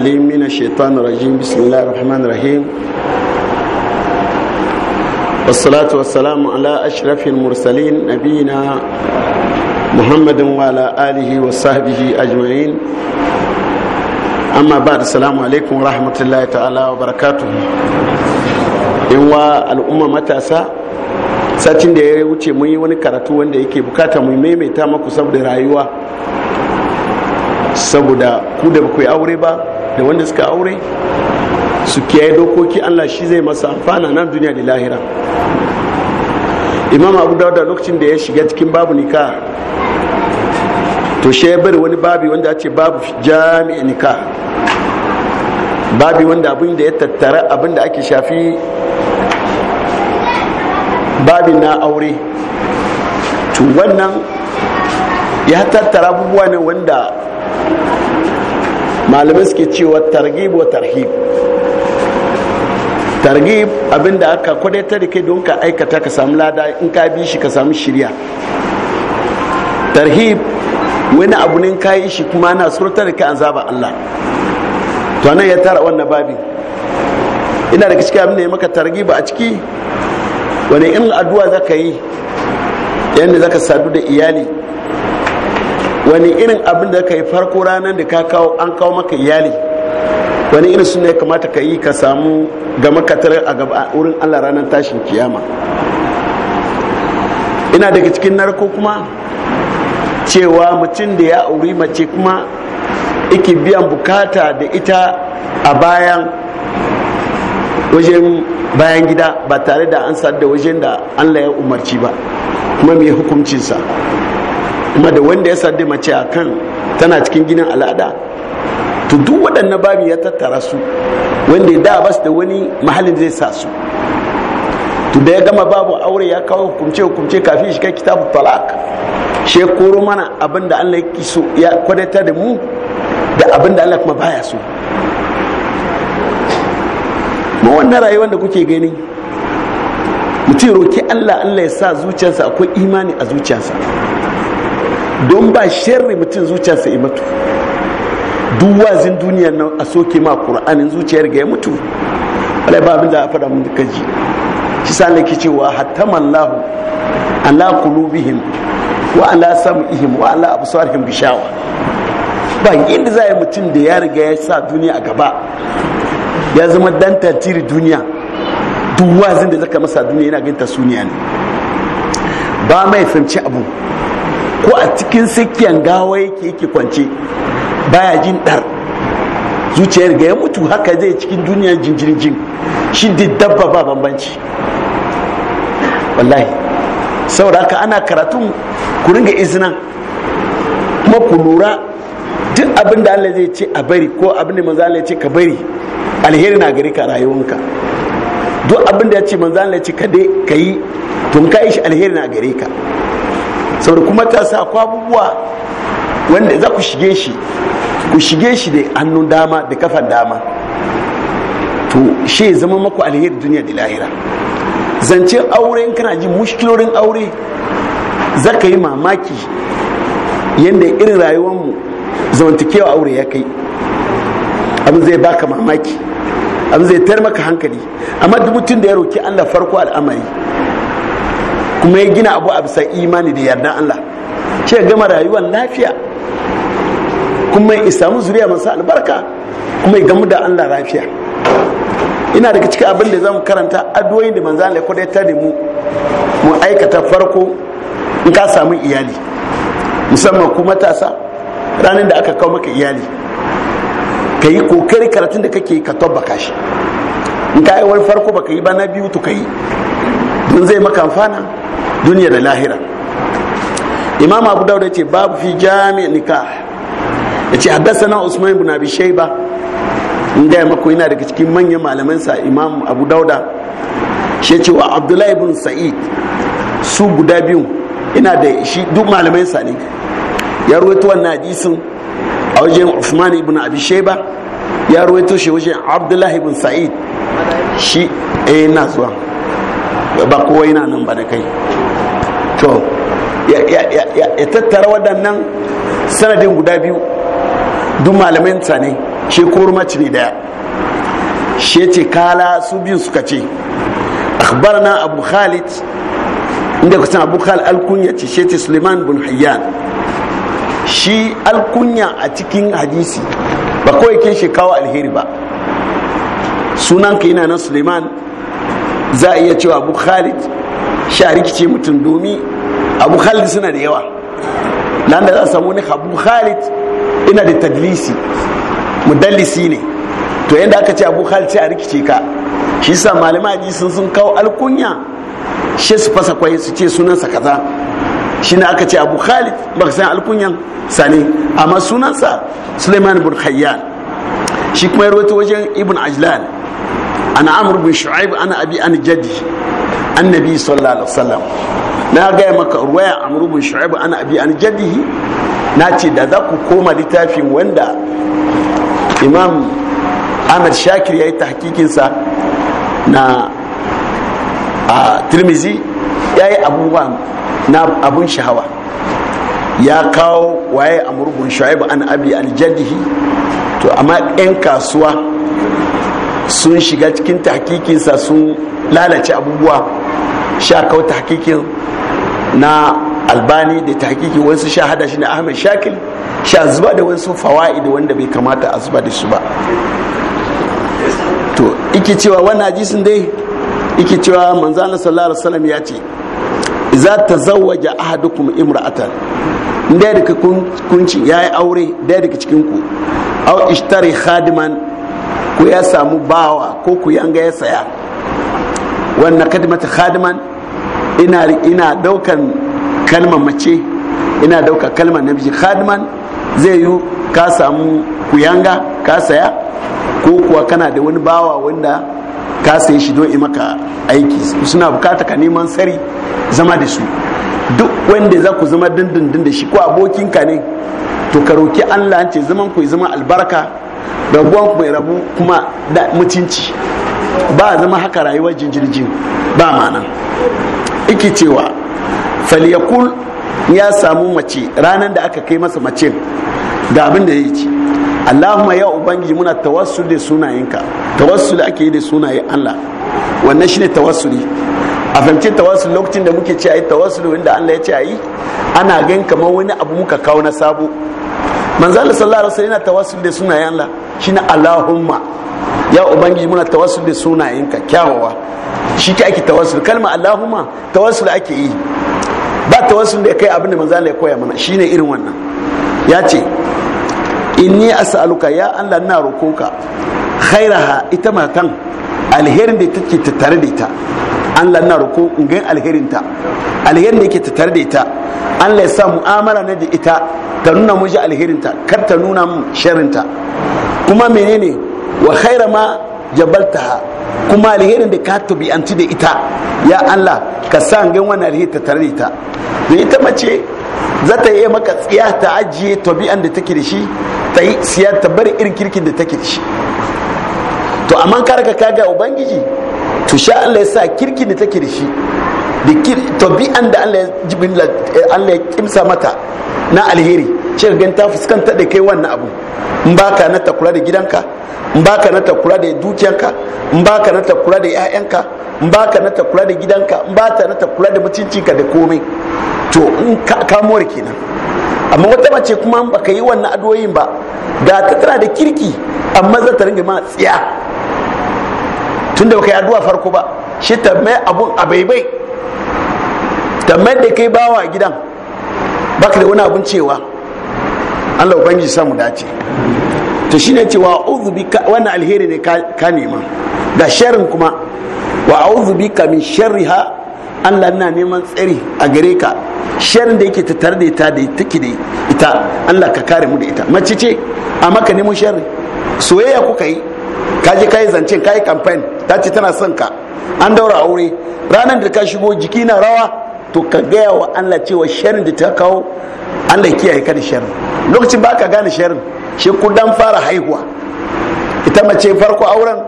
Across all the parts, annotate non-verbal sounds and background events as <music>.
العليم من الشيطان الرجيم بسم الله الرحمن الرحيم والصلاة والسلام على أشرف المرسلين نبينا محمد وعلى آله وصحبه أجمعين أما بعد السلام عليكم ورحمة الله تعالى وبركاته إن الأمة متأسى satin da ya wuce mun yi wani karatu wanda yake bukata mu maimaita maku saboda rayuwa saboda ku da ba ku yi aure ba da wanda suka aure su kiyaye dokoki allah shi zai masa amfana nan duniya da lahira imam abu dauda lokacin da ya shiga cikin babu nika to shi bari wani babi wanda ya ce babu jami'in nika babi wanda abin da ya tattara abin da ake shafi babi na aure to wannan ya tattara abubuwa ne wanda malamai suke cewa targib wa tarhib targib abinda aka kwadaita da kai don ka aikata ka samu lada in ka bi shi ka samu shirya tarhib wani abu ne ka yi shi kuma ana surta da kai an zaba Allah to nan ya tara wannan babin ina da cikin abin da ya maka targib a ciki wani in addu'a zaka yi yanda zaka sadu da iyali wani irin abin da ka yi farko ranar da ka kawo an kawo maka iyali wani irin suna ya kamata ka yi ka samu ga makatar a gaba wurin allah ranar tashin kiyama ina daga cikin narko kuma cewa mutum da ya auri mace kuma ike biyan bukata da ita a bayan wajen bayan gida ba tare da an da wajen da allah ya umarci ba kuma mai hukuncinsa kuma da wanda ya sadu mace a kan tana cikin ginin al'ada to duk waɗannan babi ya tattara su wanda da ba su da wani mahalin zai sa su to da ya gama babu aure ya kawo hukumce hukumce kafin shi kitabu talak she koro mana abin da Allah ya kwadata da mu da abin da Allah kuma baya so mu wannan rayuwar da kuke gani mutum roki Allah Allah ya sa zuciyarsa akwai imani a zuciyarsa don ba sharri mutum zuciyarsa ya mutu duk wazin duniya na a soke ma qur'anin zuciyar ga ya mutu alai ba abinda a faɗa mun duka kaji shi sa ce cewa hatama Allah ala kulubihim wa ala sam'ihim wa ala absarihim bishawa ba inda za a yi mutum da ya riga ya sa duniya a gaba ya zama dan tantiri duniya duk wazin da zaka masa duniya yana ganta suniya ne ba mai fahimci abu ko a cikin sakiyan gawa yake yake kwance baya jin dar zuciyar ga ya mutu haka zai cikin duniya jinjirjin shi duk dabba ba bambanci wallahi saboda ana karatun ku ringa izina kuma ku lura duk abin da Allah zai ce a bari ko abin da manzo Allah ya ce ka bari alheri na gari ka rayuwanka duk abin da ya ce manzo Allah ya ce ka dai ka yi tun ka yi shi alheri na gari ka saboda kuma ta sa kwa abubuwa wanda za ku shige shi ku shige shi da hannun dama da kafan dama to shi zama maku alheri duniya da lahira zance aure in kana ji mushkilorin aure za ka yi mamaki yadda irin rayuwarmu zamantakewa aure ya kai abin zai baka mamaki abin zai tar maka hankali amma duk mutum da ya roki allah farko al'amari kuma ya gina abu a bisa imani da yardan Allah ce gama rayuwar lafiya kuma ya samu zuriya masu albarka kuma ya gamu da Allah lafiya ina daga cikin abin da mu karanta adoyin da manzo da ya ta mu mu aikata farko in ka samu iyali musamman ku matasa ranar da aka kawo maka iyali ka yi kokari karatun da kake ka tabbaka shi in ka yi wani farko baka yi ba na biyu to ka yi don zai maka amfana duniya da lahira imam abu dauda ce babu fi jami nikah ya ce haddasa usman ibn abi shaiba in gaya mako yana daga cikin manyan malamansa imam abu dauda shi ce wa abdullahi ibn sa'id su guda biyu ina da shi duk malamansa ne ya ruwaito wannan hadisin a wajen usman ibn abi shaiba ya ruwaito shi wajen abdullahi ibn sa'id shi eh na zuwa ba kowa yana nan ba da kai to ya tattara waɗannan sanadin guda biyu duk malamin ta ne shi kurmaci ne daya shi ce kala su biyu suka ce akhbarna abu khalid inda san abu khalid alkunya ce shi ce suleiman bin hayyan shi alkunya a cikin hadisi ba kawai ke shi alheri ba sunanka yana nan suleiman za a iya cewa abu khalid a rikice mutum domin abu khalid suna da yawa nan da za a samu ni abu khalid ina da tadlisi mudallisi ne to yadda aka ce abu khalid shi a rikice ka shi sa malamaji sun sun kawo alkunya shi su fasa kwaye su ce sunansa kaza shi ne aka ce abu khalid ba san alkunyan sani amma sunansa suleiman bin khayyan shi kuma ya wajen ibn ajlan ana amr bin shu'aib ana abi an jadi annabi sallallahu alaihi na gaya maka ruwaya amr bin shu'aib ana abi an jadihi na ce da za koma littafin wanda imam ahmad shakir ya yi tahkikinsa na a tirmizi ya yi abubuwa na abun shahawa ya kawo waye amurgun shu'aib an abi aljadihi to amma 'yan kasuwa sun shiga cikin tahkikinsa sun lalace abubuwa sha kawo tahkikin na albani da tahkikin wasu sha hada shi na ahmed shakil sha zuba da wasu fawa'i da wanda bai kamata a zuba da su ba to ike cewa wannan hadisin dai ike cewa manzana sallallahu alaihi wasallam ya ce za ta zawaja ahadukum imra'atan daya daga kunci ya yi aure daya daga cikinku au ishtari khadiman ko ya samu bawa ko ku yanga ya saya wannan kadimata khadiman ina ina daukan kalmar mace ina dauka kalmar namiji khadiman zai yi ka samu ku yanga ka saya ko kuwa kana da wani bawa wanda ka sai shi don maka aiki suna bukata ka neman sari zama da su duk wanda za ku zama dindindin da shi ko abokinka ne to ka roki Allah ce zaman ku zama albarka da mai rabu kuma da mutunci ba zama haka rayuwar jinjirjin ba ma'ana iki cewa falyakul ya samu mace ranar da aka kai masa mace ga abin da ya ci allahumma ya ubangiji muna tawassul da sunayenka tawassul ake yi da sunayen allah wannan shine tawassuli a fahimci tawassul lokacin da muke ce a yi tawassul inda allah ya ce a yi ana gan kamar wani abu muka kawo na sabo manzala sallallahu alaihi wasallam yana tawassul da sunayen Allah shine Allahumma ya ubangiji muna tawassul da sunayenka kyawawa shi ke ake tawassul kalma Allahumma tawassul ake yi ba tawassul da kai abin da manzo Allah ya koya mana shine irin wannan ya ce inni as'aluka ya Allah na rokonka khairaha ita matan alherin da take tattare da ita Allah na roko in alherin ta, alherin da yake tattare da ita Allah ya sa mu'amala na da ita ta nuna mu ta, kar ta nuna mu ta kuma menene wa khaira ma jabaltaha kuma alherin da ka tabi'anci da ita ya Allah ka sa gan wannan alheri ta tare ita da ita mace za ta yi maka tsiya ta ajiye an da take da shi ta yi siya ta bari irin kirkin da take da shi to amma ka kaga ubangiji to sha Allah ya sa kirkin da take da shi da tabi'an da eh, Allah ya kimsa mata na alheri ce gan ta fuskanta da kai wannan abu in baka na ta kula da gidanka in baka na ta kula da dukiyanka in baka na ta kula da 'ya'yanka in baka na ta kula da gidanka in baka na ta kula da mutuncinka da komai to in ka more kenan amma wata mace kuma baka yi wannan adoyin ba da ta tana da kirki amma za ta ringa ma tsiya tunda baka yi addu'a farko ba shi ta mai abun abaibai ta mai da kai bawa gidan baka da wani abun cewa Allah ubangiji samu dace to shine cewa a'udhu bika wannan alheri ne ka nema da sharrin kuma wa a'udhu bika min sharriha Allah na neman tsari a gare ka sharrin da yake tattare da ita da take da ita Allah ka kare mu da ita mace ce a maka nemo sharri soyayya kuka yi ka je kai zance kai campaign ta ce tana son ka an daura aure ranar da ka shigo jiki na rawa to ka gaya wa Allah cewa sharin da ta kawo Allah kiyaye ka da sharin lokacin ba ka gane sharin shi ku dan fara haihuwa ita mace farko auren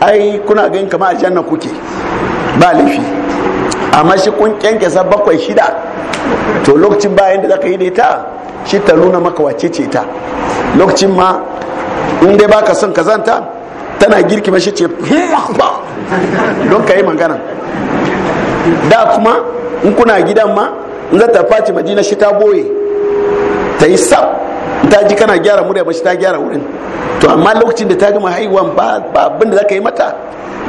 ai kuna ganin kamar janna kuke ba laifi amma shi kun sa bakwai shida to lokacin bayan da zaka yi da ita shi ta nuna maka wace ce ta lokacin ma in dai baka son ka zanta tana girki mashi ce don ka yi magana da kuma in kuna gidan ma in za ta faci madina shi ta boye ta yi sab ta ji kana gyara murya ba shi ta gyara wurin to amma lokacin da ta gama haihuwan ba abin da za ka yi mata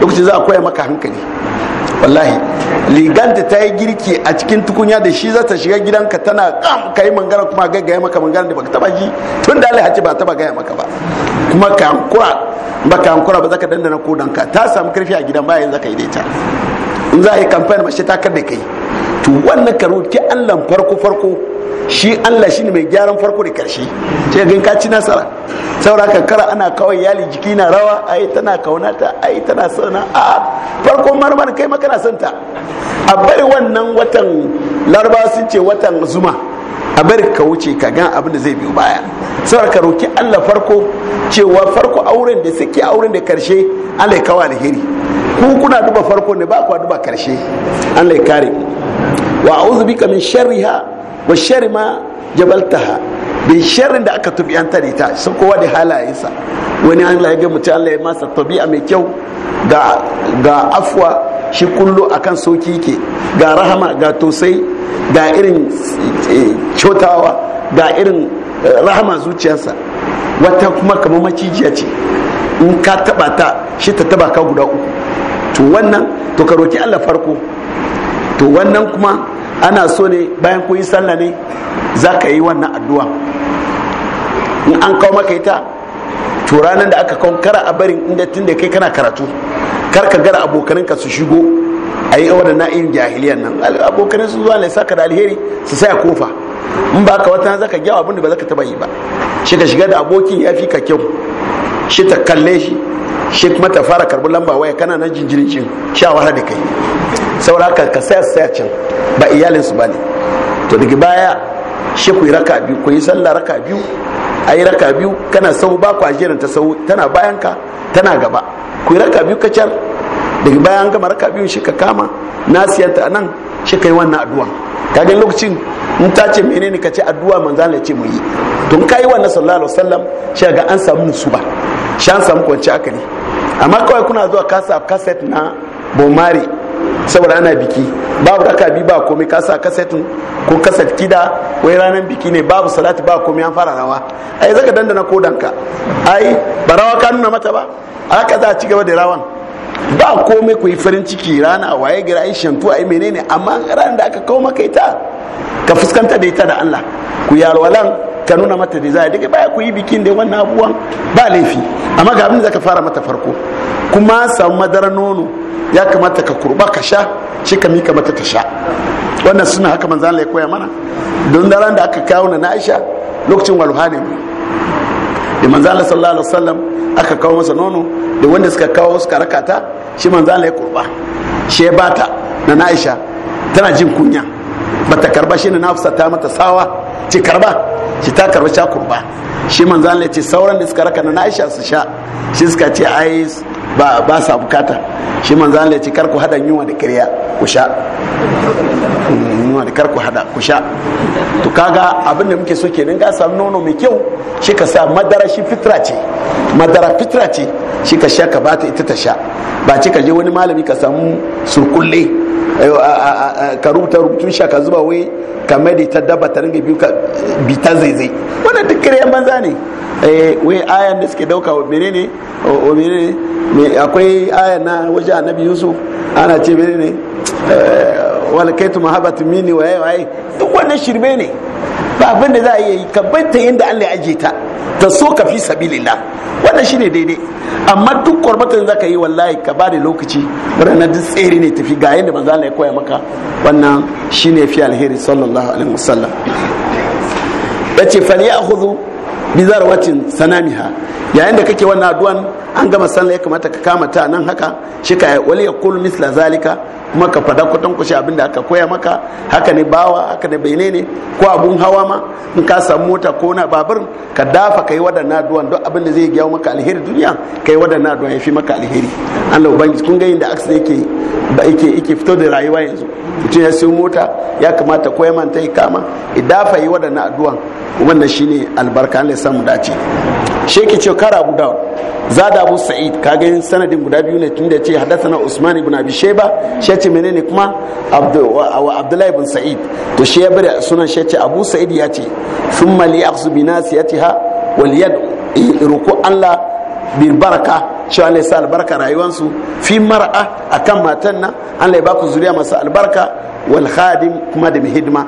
lokacin za a koya maka hankali wallahi liganta ta yi girki a cikin tukunya da shi za ta shiga gidanka tana kam ka yi mangana kuma gaggaya maka mangana da baka taba ji tun da alhaji ba taba gaya maka ba kuma ka hankura ba ka hankura ba za ka dandana kodanka ta samu karfi a gidan bayan za ka yi da ita in za a yi kamfani shi ta kar da kai to wannan karo roki allan farko farko shi allah ne mai gyaran farko da karshe ce ga ka ci nasara saura ka ana kawai yali jiki na rawa ai tana kaunata ai tana sana a farko marmar kai makana son santa a bari wannan watan laraba sun ce watan zuma a bari ka wuce ka gan abin da zai biyu baya saura ka roki allah farko cewa farko auren da suke auren da karshe allah ya kawo alheri ku kuna duba farko ne ba duba karshe allah ya kare wa auzu bika min sharriha wa sharri ma jabaltaha bin sharrin da aka tubiyanta da ita sun kowa da halayensa wani an ya ga mutum Allah ya masa tabi'a mai kyau ga ga afwa shi kullu akan soki yake ga rahama ga tosai ga irin kyautawa ga irin rahama zuciyarsa wata kuma kamar macijiya ce in ka taba ta shi ta taba ka guda uku to wannan to ka roki Allah farko to wannan kuma ana so ne bayan kun yi sallah ne za ka yi wannan addu'a in an kawo maka ita to ranar da aka kawo kara a barin inda tun da kai kana karatu kar ka gara abokaninka su shigo a yi awa da na'in jahiliyan nan abokanin su zuwa ne saka da alheri su saya kofa in ba ka wata zaka gyawa abin da ba ka taba yi ba shi ka shiga da abokin ya fi ka kyau shi ta kalle shi shi kuma ta fara karbi lamba waya kana na jinjirin sha shawara da kai sauraka ka saya saya can ba iyalin ba ne to daga baya shi ku yi raka biyu ku yi sallah raka biyu a yi raka biyu kana sau ba ku ajerin ta sau tana bayan ka tana gaba ku yi raka biyu kacar daga bayan gama raka biyu shi ka kama nasiyar a nan shi ka yi wannan addu'a kaga lokacin in ta ce menene ka ce addu'a manzan ya ce mu yi don ka yi wannan sallallahu alaihi wasallam shi ga an samu ba, shi an samu kwanci akali amma kawai kuna zuwa kasa kaset na bomari saboda ana biki babu raka bi ba komai ka sa kasetin ko kaset kida wai ranar biki ne babu salati ba komai an fara rawa ai zaka dandana kodanka ai ba rawa ka nuna mata ba aka za a ci gaba da rawan ba komai ku yi farin ciki rana waye gira ai shantu a menene amma ranar da aka kawo maka ita ka fuskanta da ita da allah ku yi alwalan ka nuna mata da zai daga baya ku yi bikin da wannan abuwan ba laifi amma ga abin da zaka fara mata farko kuma samu madara nono ya kamata ka kurba ka sha shi ka mika mata ta sha wannan suna haka manzo Allah ya koya mana don ran da aka kawo na Aisha lokacin walhani ne da manzo Allah sallallahu alaihi wasallam aka kawo masa nono da wanda suka kawo suka rakata shi manzo Allah ya kurba she bata na Aisha tana jin kunya bata karba shi na nafsa ta mata sawa ce karba ki ta karbi sha kurba shi manzo Allah ya ce sauran da suka raka na Aisha su sha shi suka ce ai ba ba sa bukata shi manzo Allah ya ce kar ku hada yunwa da kirya ku sha mm, yunwa da kar ku hada ku sha to kaga abin da muke so kenan ga samu nono mai kyau shi ka sa madara shi fitra ce madara fitra ce shi ka sha ka bata ita ta sha ba ce ka je wani malami ka samu surkulle eh, ka rubuta rubutun sha ka zuba wai ka mai ta dabba ta ringa biyu ka bi ta zaizai wannan duk kariyan banza ne Eh, wai ayan da suke dauka wa menene wa oh, oh, akwai ayan na waje annabi yusuf ana ce ne eh, walakaitu mahabbatin mini waye waye duk wannan shirme ne ba abin da za a yi ka baita yadda Allah ya aje ta ta so ka fi sabilillah wannan shine daidai amma duk kwarbatar da zaka yi wallahi ka ba da lokaci ranar duk tsere ne tafi ga yadda manzo Allah ya koya maka wannan shine fi alheri sallallahu alaihi wasallam yace ya ya'khudhu bizar wacin sanamiha yayin da kake wannan aduan an gama sallah ya kamata ka kama ta nan haka shi ka wali yaqulu misla zalika kuma ka fada kwatan kushe abin da aka koya maka haka ne bawa haka ne bene ne ko abun hawa ma in ka samu mota ko na babur ka dafa kai wadannan duwan don abin da zai gyawo maka alheri duniya kai wadannan duwan ya fi maka alheri Allah ubangiji kun ga yadda aksa yake ba yake yake fito da rayuwa yanzu mutum ya sayo mota ya kamata ko ya manta ya kama idafa yi wadannan duwan wannan shine albarka Allah ya samu dace sheki ce kara abu dawo zada abu sa'id kaga sanadin guda biyu ne tunda ce haddasa usman ibn abi sheba, shi ce menene kuma abdullahi ibn sa'id to shi ya bari sunan shi ce abu sa'id ya ce sun mali aksu bi nasiyatiha wal yad ruku Allah bi baraka shi wa sa albarka rayuwansu fi mar'a akan matan nan Allah ya baku zuriya masu albarka wal khadim kuma da hidima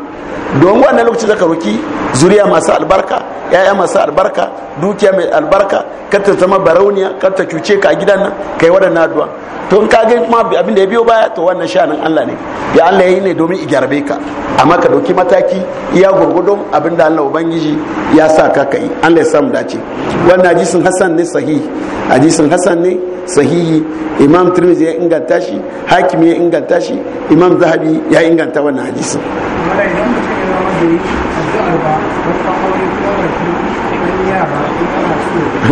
don wannan lokacin zaka roki zuriya masu albarka yaya masu albarka dukiya mai albarka karta zama barauniya karta cuce ka gidan nan kai wadannan addu'a to in ka ga kuma abin da ya biyo baya to wannan sha'anin Allah ne ya Allah yayi ne domin i garbe ka amma ka dauki mataki iya gurgudun abin da Allah ubangiji ya sa ka kai Allah ya samu dace wannan hadisin Hassan ne sahih hadisin Hassan ne sahihi imam tirmidhi ya inganta shi Hakim ya inganta shi imam zahabi ya inganta wannan hadisi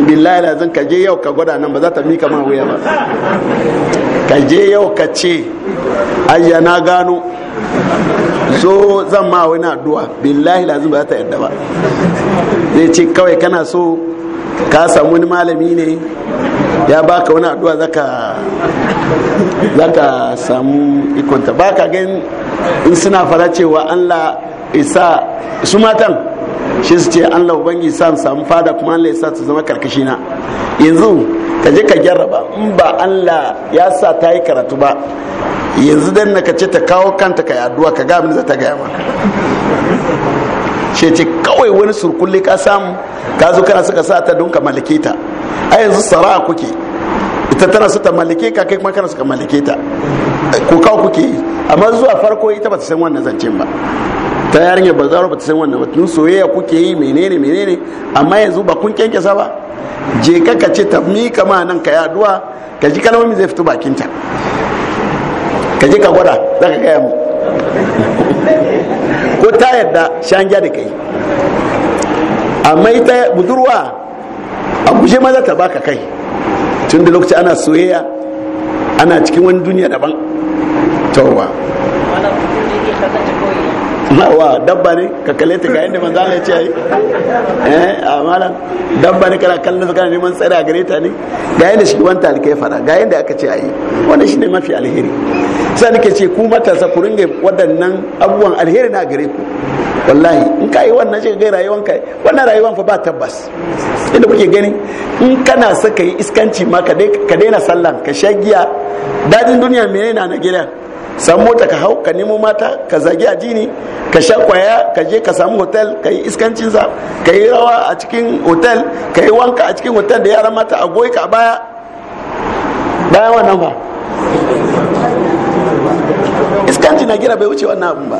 billahi la zan kaje yau ka gwada nan ba za ta mika ma wuya ba kaje yau ka ce ayya na gano so zan ma wani addu'a billahi lazin ba za ta yadda ba zai ce kawai kana so ka samu wani malami ne ya baka wani addu'a zaka zaka samu ikonta baka gan in suna fara cewa Allah isa su matan shi su ce Allah ubangi sa samu fada kuma Allah isa su zama karkashi na yanzu ka je ka jarraba in ba Allah ya sa ta yi karatu ba yanzu dan na ka ce ta kawo kanta ka yaduwa ka ga abin da ta gaya maka ce ce kawai wani surkulli ka samu ka zo kana suka sa ta don ka mallake ta a yanzu sara kuke ita tana su ta mallake ka kai kuma kana su ka mallake ta ko kawo kuke yi amma zuwa farko ita ba ta san wannan zancen ba ta yarinya ba zaro ba ta san wannan ba tun soyayya kuke yi menene menene amma yanzu ba kun kyankyasa ba je ka ka ce ta mika ma nan ka yaduwa ka ji kalmomi zai fito ta ka je ka gwada za ka gaya mu ko ta yadda shan da kai amma ita budurwa a guje ma za ta baka kai tun da lokaci ana soyayya ana cikin wani duniya daban tawwa wa dabba ne ka kalle ta ga yadda manzo Allah ya ce ai eh amala dabba ne kana kallon ta kana neman tsare a gare ta ne ga yadda shi wanta alke fara ga yadda aka ce ai wannan shine mafi alheri sai nake ce ku matasa ku ringe wadannan abubuwan alheri na gare ku wallahi in ka yi wannan shi ga rayuwar ka wannan rayuwar fa ba tabbas inda kuke gani in kana saka yi iskanci ma ka daina sallan ka shagiya dadin duniya menene na na gidan san mota ka hau ka nemo mata ka zagi ajini ka sha kwaya ka je ka samu hotel ka yi iskancinsa ka yi rawa a cikin hotel ka yi wanka a cikin hotel da yara mata a goyi ka baya baya wannan ba iskancin na gina bai wuce wannan abin ba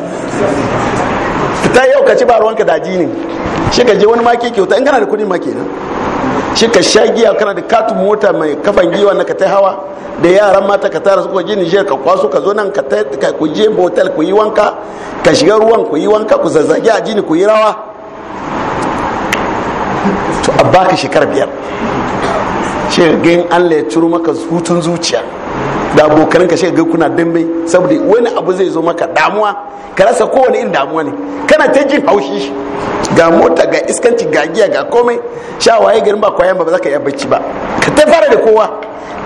fita yau ka ci ba ruwanka da ajinin shi ka je wani ma ke kyauta in kana da kudin ma kenan shi ka sha giya kana da katin mota mai kafan giwa na ka ta hawa da yaran mata ka tara su ko jini jiyar ka kwaso ka zo nan ka ta ku je hotel ku yi wanka ka shiga ruwan ku yi wanka ku zazzage a jini ku yi rawa to a ka shekara biyar shi ga an ya turo maka hutun zuciya da abokan ka shiga kuna dambe saboda wani abu zai zo maka damuwa ka rasa kowane irin damuwa ne kana ta jin haushi ga mota ga iskanci ga giya ga komai sha waye garin ba kwayan ba za ka iya bacci ba ka ta fara da kowa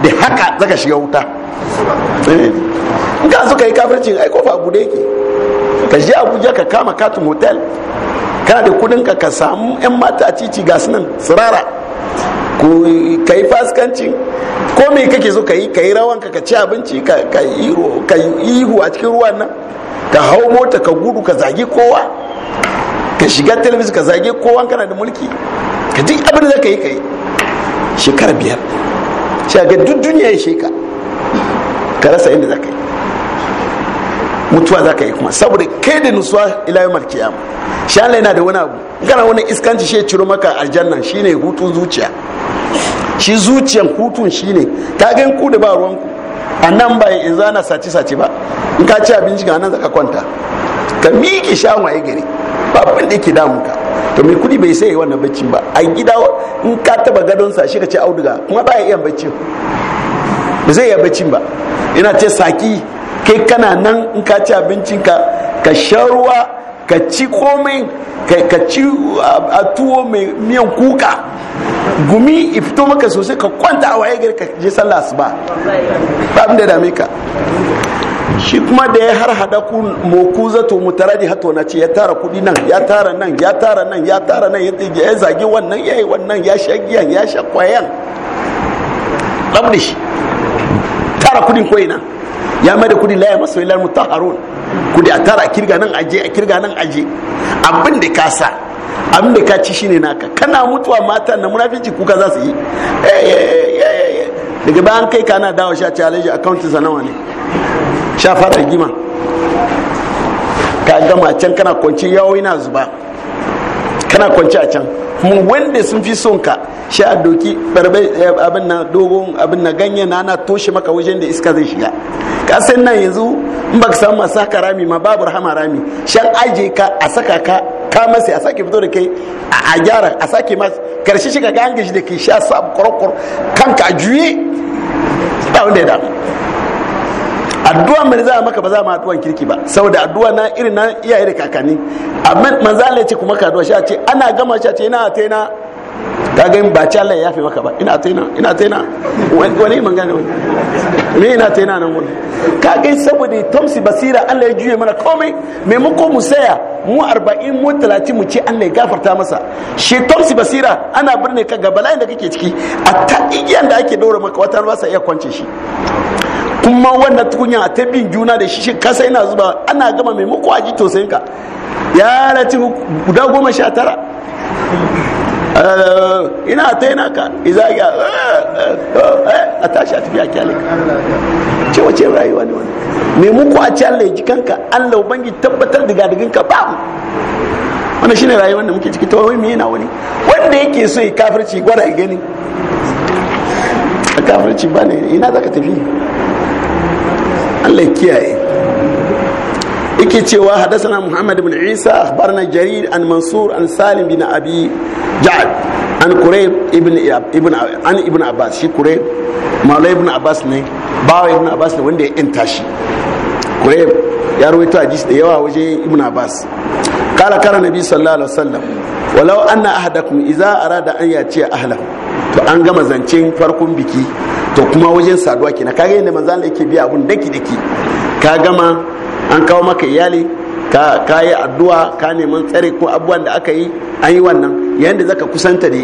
da haka za ka shiga wuta in eh. ka yi kafircin ai kofa abu da yake ka je abuja ka kama katin hotel kana da kudin ka ka samu yan mata a cici ga sunan tsirara ku kai faskanci ko me kake so kai kai rawan ka ci abinci ka kai ihu a cikin ruwan nan ka hau mota ka gudu ka zage kowa ka shiga telebis ka zage kowa kana da mulki ka duk abin da ka yi kai shekara biyar shi ga duk duniya ya sheka ka rasa inda ka yi mutuwa za ka yi kuma saboda kai da nutsuwa ila yau malkiyam shi Allah yana da wani abu gana wani iskanci shi ciro maka aljanna shine hutun zuciya shi zuciyan hutun shine ta gan ku da ba ruwan ku a nan ba in zana sace sace ba in ka ci abinci ga nan zaka kwanta ka miƙe shawon waye gari ba abin da yake damu ka to mai kudi bai sai wannan bacci ba a gida in ka taba gadon sa shi ka ci auduga kuma ba ya iya bacci ba zai iya bacci ba ina ce saki kai kana nan in ka ci abincin ka sha ruwa ka ci komai ka ci a tuwo mai miyan kuka gumi ifito maka sosai ka kwanta a waye gari ka je sallah asuba ba abin da dame ka shi kuma da ya har hada ku moku zato mutaradi hato na ce ya tara kudi nan ya tara nan ya tara nan ya tara nan ya zagi wannan ya yi wannan ya sha giyan ya sha kwayan shi tara kudin koyi nan ya mai da kudi laya masu ilar mutaharun kudi a tara a kirga nan aje a kirga nan aje abin da ka sa abin da ka ci shine naka kana mutuwa mata na munafici kuka za su yi eh, eh, eh, daga bayan kai kana dawo sha ci alaji sa nawa ne sha fara gima ka gama can kana kwanci yawo yana zuba kana kwance a can wanda sun fi son ka shi a doki barbe abin na dogon abin na ganye na ana toshe maka wajen da iska zai shiga ka san nan yanzu in baka samu masu haka rami ma babu rahama rami shan aje ka a saka ka ka a sake fito da kai a gyara a sake masu karshe shi ga an da kai sha sa kwarkwar kanka a juye ba addu'a mai za a maka ba za ma addu'an kirki ba saboda addu'a na irin na iyaye da kakanni amma manzo Allah ya ce kuma ka addu'a shi ce ana gama shi ce ina ta ina ka ga ba ci Allah ya yafe maka ba ina ta ina ina ta ina wani man gane wani me ina ta ina nan wani ka ga saboda tamsi basira Allah ya juye mana komai maimako mu saya mu 40 mu 30 mu ce Allah ya gafarta masa shi tamsi basira ana birne ka ga bala'in da kake ciki a ta igiyan da ake dora maka wata ruwa sai ya kwance shi kuma wannan tukunya ta bin juna da shi kasa yana zuba ana gama mai muku aji tausayin ka ya rati guda goma sha tara eh, ina ta yana ka iza ya eh, eh, a tashi a tafiya kyale ce wace rayuwa ne wani mai muku a ci allah ya ji kanka allah ubangi tabbatar da gadagin ka ba wani shine rayuwar da muke ciki ta wani mai yana wani wanda yake so ya kafirci gwada ya gani a kafirci ba ne ina za ka tafi Allah kiyaye yake cewa hadasana Muhammad bin Isa akhbarna Jarir an Mansur an Salim bin Abi Ja'ad an Qurayb ibn ibn an ibn Abbas shi Qurayb malai ibn Abbas ne bawa ibn Abbas ne wanda ya inta shi Qurayb ya rawaito hadisi da yawa waje ibn Abbas kala kala nabi sallallahu alaihi wasallam walau anna ahadakum idza arada an yati ahlahu to an gama zancen farkon biki to kuma wajen saduwa kenan kaga yadda manzo Allah yake biya abun daki daki ka gama an kawo maka iyali ka yi addu'a ka neman tsare ko abubuwan da aka yi an yi wannan yayin da zaka kusanta da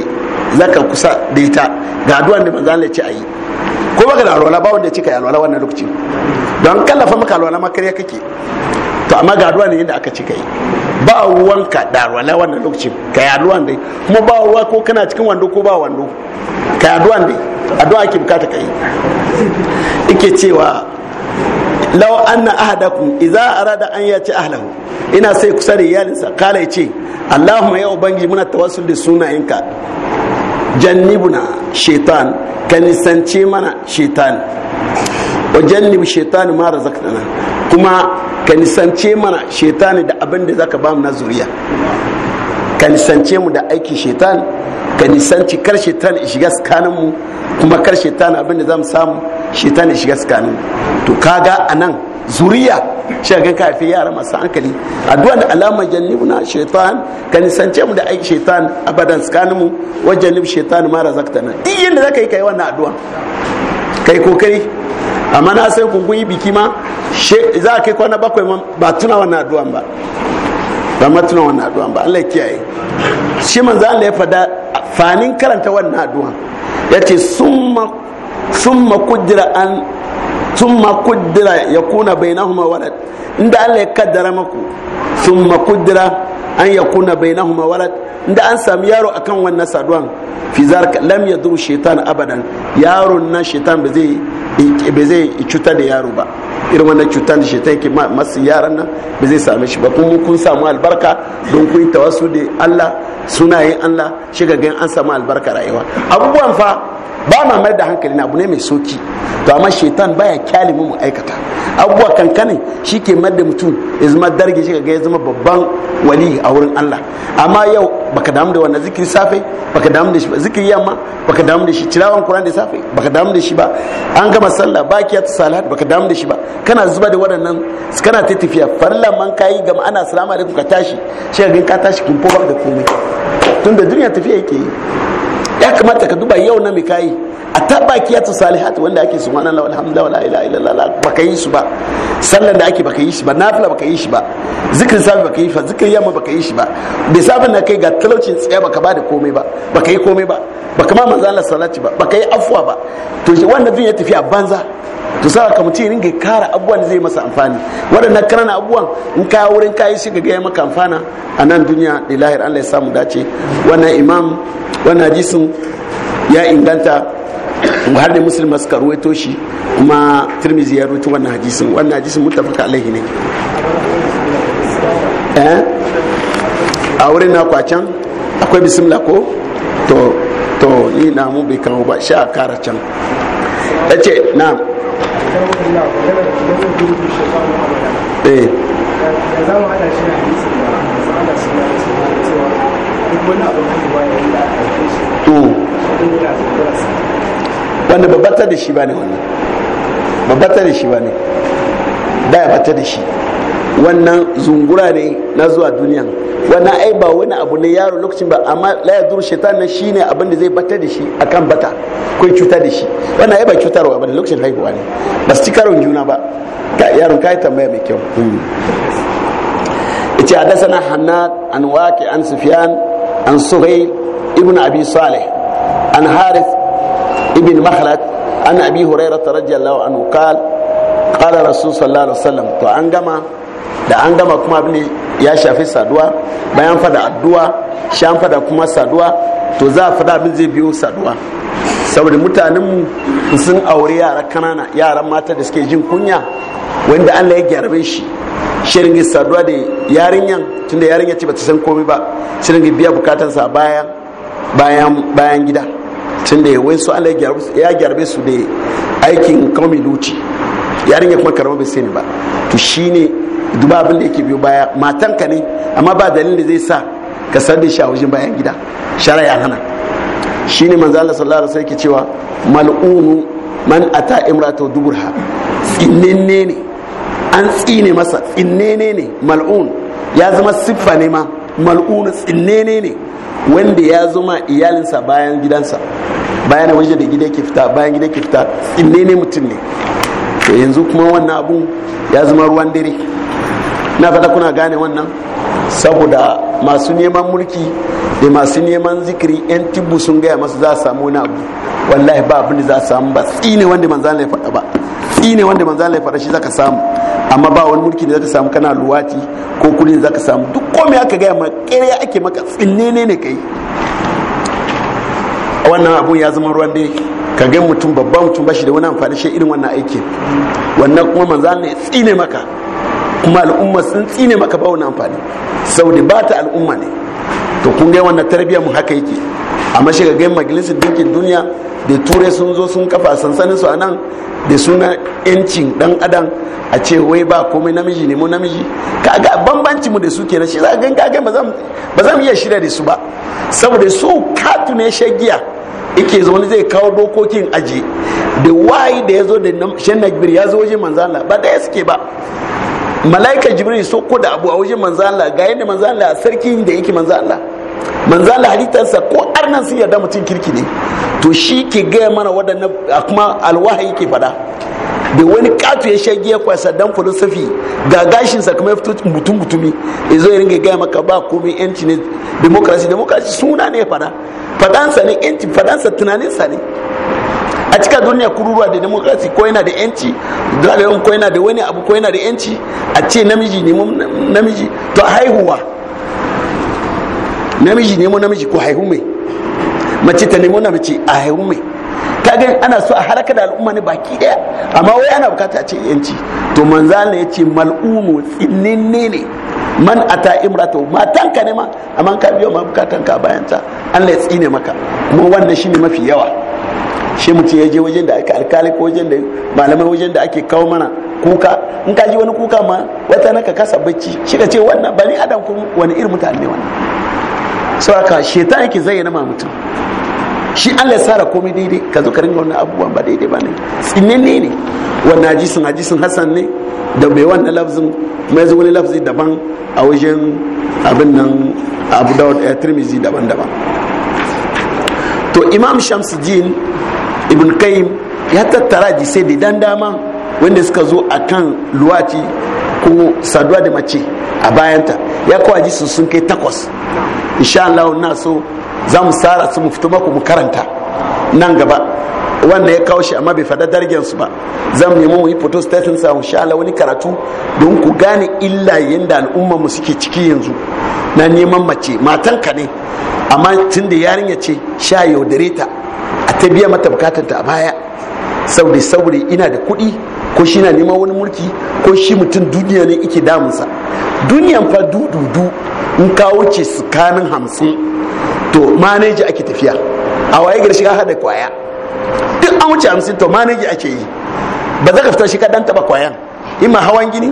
zaka kusa da ita ga addu'an da manzo Allah ya ce ayi ko baka da alwala ba wanda ya ce alwala wannan lokacin don kallafa maka alwala ma kare kake to amma ga ruwa ne inda aka ci kai ba ruwanka da ruwa wannan lokaci ka ya addu'a dai kuma ba ruwa ko kana cikin wando ko ba wando ka yi addu'a dai addu'a ake bukata kai yi ike cewa law anna ahadakum idza arada an yati ahlahu ina sai kusa da iyalinsa kala yace allahumma ya ubangi muna tawassul da sunayenka jannibuna shaitan ka nisance mana shaitan wa jannib shaitan ma razaqtana kuma ka nisance mana shaitani da abin da zaka mu na zuriya ka nisance mu da aiki shaitan ka nisance kar shaitan ya shiga tsakanin mu kuma kar shaitan abin da zamu samu shaitan ya shiga tsakanin to kaga anan zuriya shi ga fi yara masu hankali addu'a da alamar jannibuna shaitan ka nisance mu da aiki shaitan abadan tsakanin mu wajen jannib shaitan ma razaqtana duk yanda zaka yi kai wannan addu'a kai kokari amma na sai kun yi biki ma za a kai kwana bakwai ba tuna wannan addu'an ba ba ma tuna wannan addu'an ba Allah ya kiyaye shi za Allah ya fada fanin karanta wannan addu'an yace sun ma kudira an sun ma ya bai na yakuna bainahuma wadat inda Allah ya kaddara maku ma kudira an ya n'a bainahuma walad inda an sami yaro akan wannan saduwan fi ka lam yadur shaitan abadan yaron na shaitan ba zai cuta da yaro ba irin wannan cutar da shaitan yake masu yaran nan ba zai same shi ba kun kun samu albarka don kun wasu da Allah sunayen Allah shiga ga an samu albarka rayuwa abubuwan fa ba ma mai da hankali na abu ne mai soki to amma shaitan baya kyale mu aikata abubuwa kankanin shi ke mai da mutum ya zama darge shi ga ya zama babban wali a wurin Allah amma yau baka damu da wannan zikiri safe baka damu da shi ba zikiri yamma baka damu da shi tilawan Qur'an da safe baka damu da shi ba an gama sallah bakiya ta salat baka damu da shi ba kana zuba da waɗannan kana ta tafiya farla man kayi gama ana salama alaikum ka tashi shi ka tashi kin ko ba da komai tunda duniya tafiya yake yi ya kamata ka duba yau na mai kayi a tabakiyatu salihatu wanda ake subhanallah walhamdulillah wala ilaha illallah baka yi shi ba sallan da ake baka yi shi ba nafila baka yi shi ba zikirin safi baka yi shi ba zikirin yamma baka yi shi ba bai sabi na kai ga talaucin tsaya baka ba da komai ba baka yi komai ba baka ma manzo Allah salati ba baka yi afuwa ba to wannan zai ya tafi a banza to sa ka mutum ringa kara abubuwan da zai masa amfani waɗannan karana abubuwan in kaya wurin kayi shi ga ya maka amfana a nan duniya da lahir Allah ya samu dace wannan imam wannan hadisin ya inganta har da musulma suka ruwaito shi kuma tirmizi ya ruwaito wannan hadisin wannan hadisin mutafaka alaihi ne eh? a wurin na kwacan akwai bismillah ko to to ni na mu bai kawo ba sha kara can ya ce na eh wanda babbata da shi ba ne wannan babbata da shi ba ne da ya bata da shi wannan zungura ne na zuwa duniya wannan ai ba wani abu ne yaro lokacin ba amma la yadur shaitan na shine abin da zai batar da shi akan bata ko cuta da shi wannan ai ba cutarwa ba lokacin haihuwa ne ba su ci karon juna ba yaron kai tambaya mai kyau ita da sana hannad an waqi an sufyan an suhayl ibn abi salih an harith ibn mahlad an abi hurairah radiyallahu anhu qala qala rasul sallallahu alaihi wasallam to an gama da an gama kuma abin ya shafi saduwa bayan fada addu'a an fada kuma saduwa to za a fada abin zai biyo saduwa saboda mutanen mu sun aure yara kanana yaran mata da suke jin kunya wanda Allah ya gyarabe shi shirin saduwa da yarinyan tunda yarinya ce bata san komai ba shirin biya sa bayan bayan bayan gida tunda wai su Allah ya gyarabe su da aikin kawai luci yarinya kuma karama bai sani ba to shine duba abin da yake biyo baya matan ka ne amma ba dalilin da zai sa ka san da shi a wajen bayan gida shara ya hana shine manzo Allah sallallahu alaihi wasallam cewa mal'unu man ata imratu duburha tsinene ne an tsine masa tsinnene ne mal'un ya zama siffa ne ma mal'un tsinnene ne wanda ya zama iyalinsa bayan gidansa bayan waje da gida ke fita bayan gida ke fita tsinnene mutum ne to yanzu kuma wannan abu ya zama ruwan dare na fata kuna gane wannan saboda masu neman mulki da masu neman zikiri yan tibbu sun gaya masu za a samu wani abu wallahi ba abin da za a samu ba tsine wanda manzan ya faɗa ba tsine wanda manzan ya faɗa shi zaka samu amma ba wani mulki da zaka samu kana luwati ko kudin zaka samu duk komai aka gaya ma kere ake maka tsille ne ne kai wannan abun ya zama ruwan dai ka ga mutum babban mutum bashi da wani amfani shi irin wannan aikin wannan kuma manzan ya tsine maka kuma al'umma sun tsine maka ba wani amfani saudi ba ta al'umma ne to kun ga wannan tarbiyyar mu haka yake amma shi ga majalisar dinkin duniya da turai sun zo sun kafa sansanin su a nan da suna yancin dan adam a ce wai ba komai namiji ne mu namiji kaga bambanci mu da su kenan shi za ga ga ba za mu iya shirya da su ba saboda su katu ne shagiya yake zaune zai kawo dokokin aji da wayi da ya zo da shan nagbir ya zo wajen manzala ba da ya suke ba malaika jibril so ko da abu a wajen manzo Allah ga yadda manzo Allah sarki da yake manzo Allah manzo Allah halittarsa ko arnan sun yarda mutum kirki ne to shi ke gaya mana waɗannan kuma alwahayi yake fada da wani katu ya shage ya kwasa dan filosofi ga gashinsa kuma ya fito mutum mutumi ya zo ya ringa gaya maka ba komai yanci ne demokrasi demokrasi suna ne fada fadansa ne yanci fadansa tunaninsa ne a cikin duniya kururuwa da demokrasi ko yana da yanci ko yana da wani abu ko yana da yanci a ce namiji ne namiji to haihuwa namiji ne mu namiji ko haihu mai mace ta nemo mace a haihu mai kaga ana so a halaka da al'umma ne baki daya amma wai ana bukata a ce yanci to manzala ya ce mal'umu tsinninne ne man ata imrato matanka ne ma amma ka biyo ma bukatanka ka ta Allah ya tsine maka kuma wannan shine mafi yawa shi mutum ya je wajen da aka alkali ko wajen da malamai wajen da ake kawo mana kuka in ka ji wani kuka ma wata naka kasa bacci shi ka ce wannan ni adam kun wani irin mutane ne wannan aka shetan yake zayyana ma mutum shi Allah ya sara komai daidai ka zo ka ringa wani abubuwan ba daidai ba ne tsinanne ne wannan hadisin hadisin Hassan ne da mai wannan lafzin mai zuwa wani lafzi daban a wajen abin nan abu dawud ya eh, tirmizi daban-daban to imam jin ibn kayyim ya tattara jisai da dan dama wanda suka zo a kan luwaci ko saduwa da mace a bayanta ya kawo jisun sun kai takwas insha Allah na so za mu tsara su mu fito maku mu karanta nan gaba wanda ya kawo shi amma bai fada dargen su ba za mu nemi mu yi photo statin sa insha Allah wani karatu don ku gane illa yanda al'umma mu suke ciki yanzu na neman mace matan ka ne amma tunda yarinya ce sha yaudare ta a ta biya mata bukatar ta a baya saboda saboda ina da kuɗi ko shi na neman wani mulki ko shi mutum duniya ne ike damunsa duniyan fa dududu in ka wuce tsakanin hamsin to maneji ake tafiya a waye gari shiga hada kwaya duk an wuce hamsin to maneji ake yi ba za ka fita shi ka dan taba kwayan ima hawan gini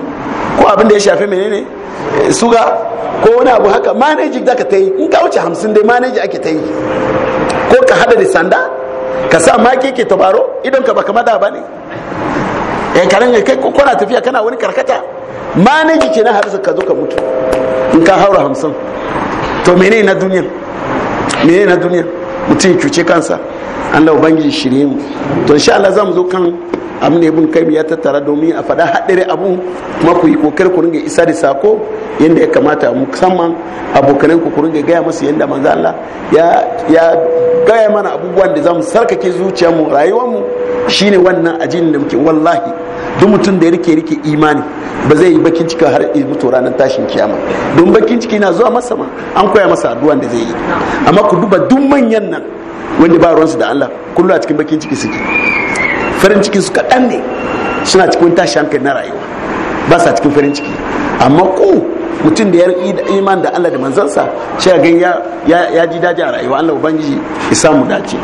ko abin da ya shafi menene eh, suga ko wani abu haka maneji za ka ta yi in ka wuce hamsin dai maneji ake ta yi ko ka hada da sanda ka sa maki ke tabaro idan ka baka mada bane eh karan kai ko kana tafiya kana wani karkata ne kike na harsa ka zo ka mutu in ka haura hamsin to menene na duniya menene na duniya mutum cuce kansa Allah ubangiji shirye mu to insha Allah zamu zo kan abin da ibn ya tattara domin a faɗa haɗari abu kuma ku yi kokar ku ringa isa da sako yadda ya kamata musamman abokanan ku ku ringa gaya masu yadda manzo Allah ya ya gaya mana abubuwan da zamu sarkake zuciyarmu rayuwarmu shine wannan ajin da muke wallahi duk mutum da ya rike rike imani ba zai yi bakin ciki har yi mutu ranar tashin kiyama don bakin ciki na zuwa masa ma an koya masa addu'a da zai yi amma ku duba duk manyan nan wanda ba ruwansu da Allah kullum a cikin bakin ciki suke farin ciki su kaɗan ne suna cikin tashi hankali na rayuwa ba sa cikin farin ciki amma ku mutum da ya iman da Allah da manzansa shi ga ya ji daji a rayuwa Allah ubangiji ya samu dace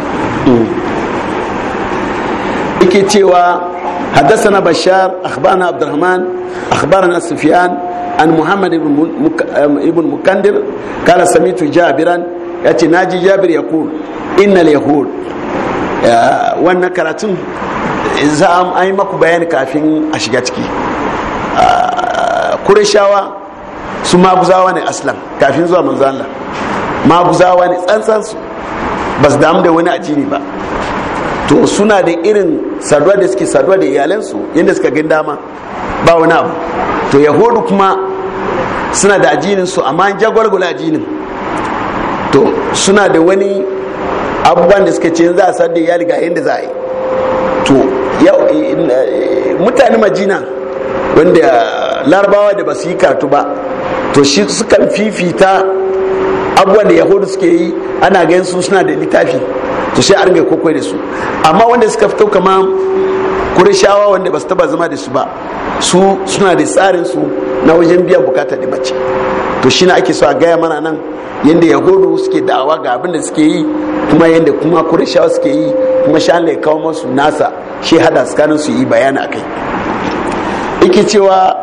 ike hmm. cewa حدثنا بشار أخبرنا عبد الرحمن أخبرنا سفيان عن محمد بن مكندر قال سمعت جابرا يأتي ناجي جابر يقول إن اليهود wannan karatun za a yi maku bayani kafin a shiga ciki kurishawa su maguzawa ne aslan kafin zuwa manzo Allah maguzawa ne tsantsan su ba su damu da wani ajini ba to suna da irin saduwa da suke saduwa da iyalansu inda suka gan dama ba wani abu to yahudu kuma suna da ajinin su amma jagwalgwala ajinin to suna da wani abubuwan da suka ce za a sadu iyali ga yadda za a yi to eh, eh, eh, mutane majina wanda larabawa da ba su yi karatu ba to shi sukan fifita abubuwan da yahudu suke yi ana gan su suna da littafi to sai a ringa kokoi da su amma wanda suka fito kama kurishawa wanda ba su taba zama da su ba su suna da tsarin su na wajen biyan bukata da mace to shi ake so a gaya mana nan yadda yahudu suke da'awa ga abin da suke yi kuma yadda kuma kurishawa suke yi kuma sha ya kawo masu nasa shi hada tsakanin su yi bayani akai yake cewa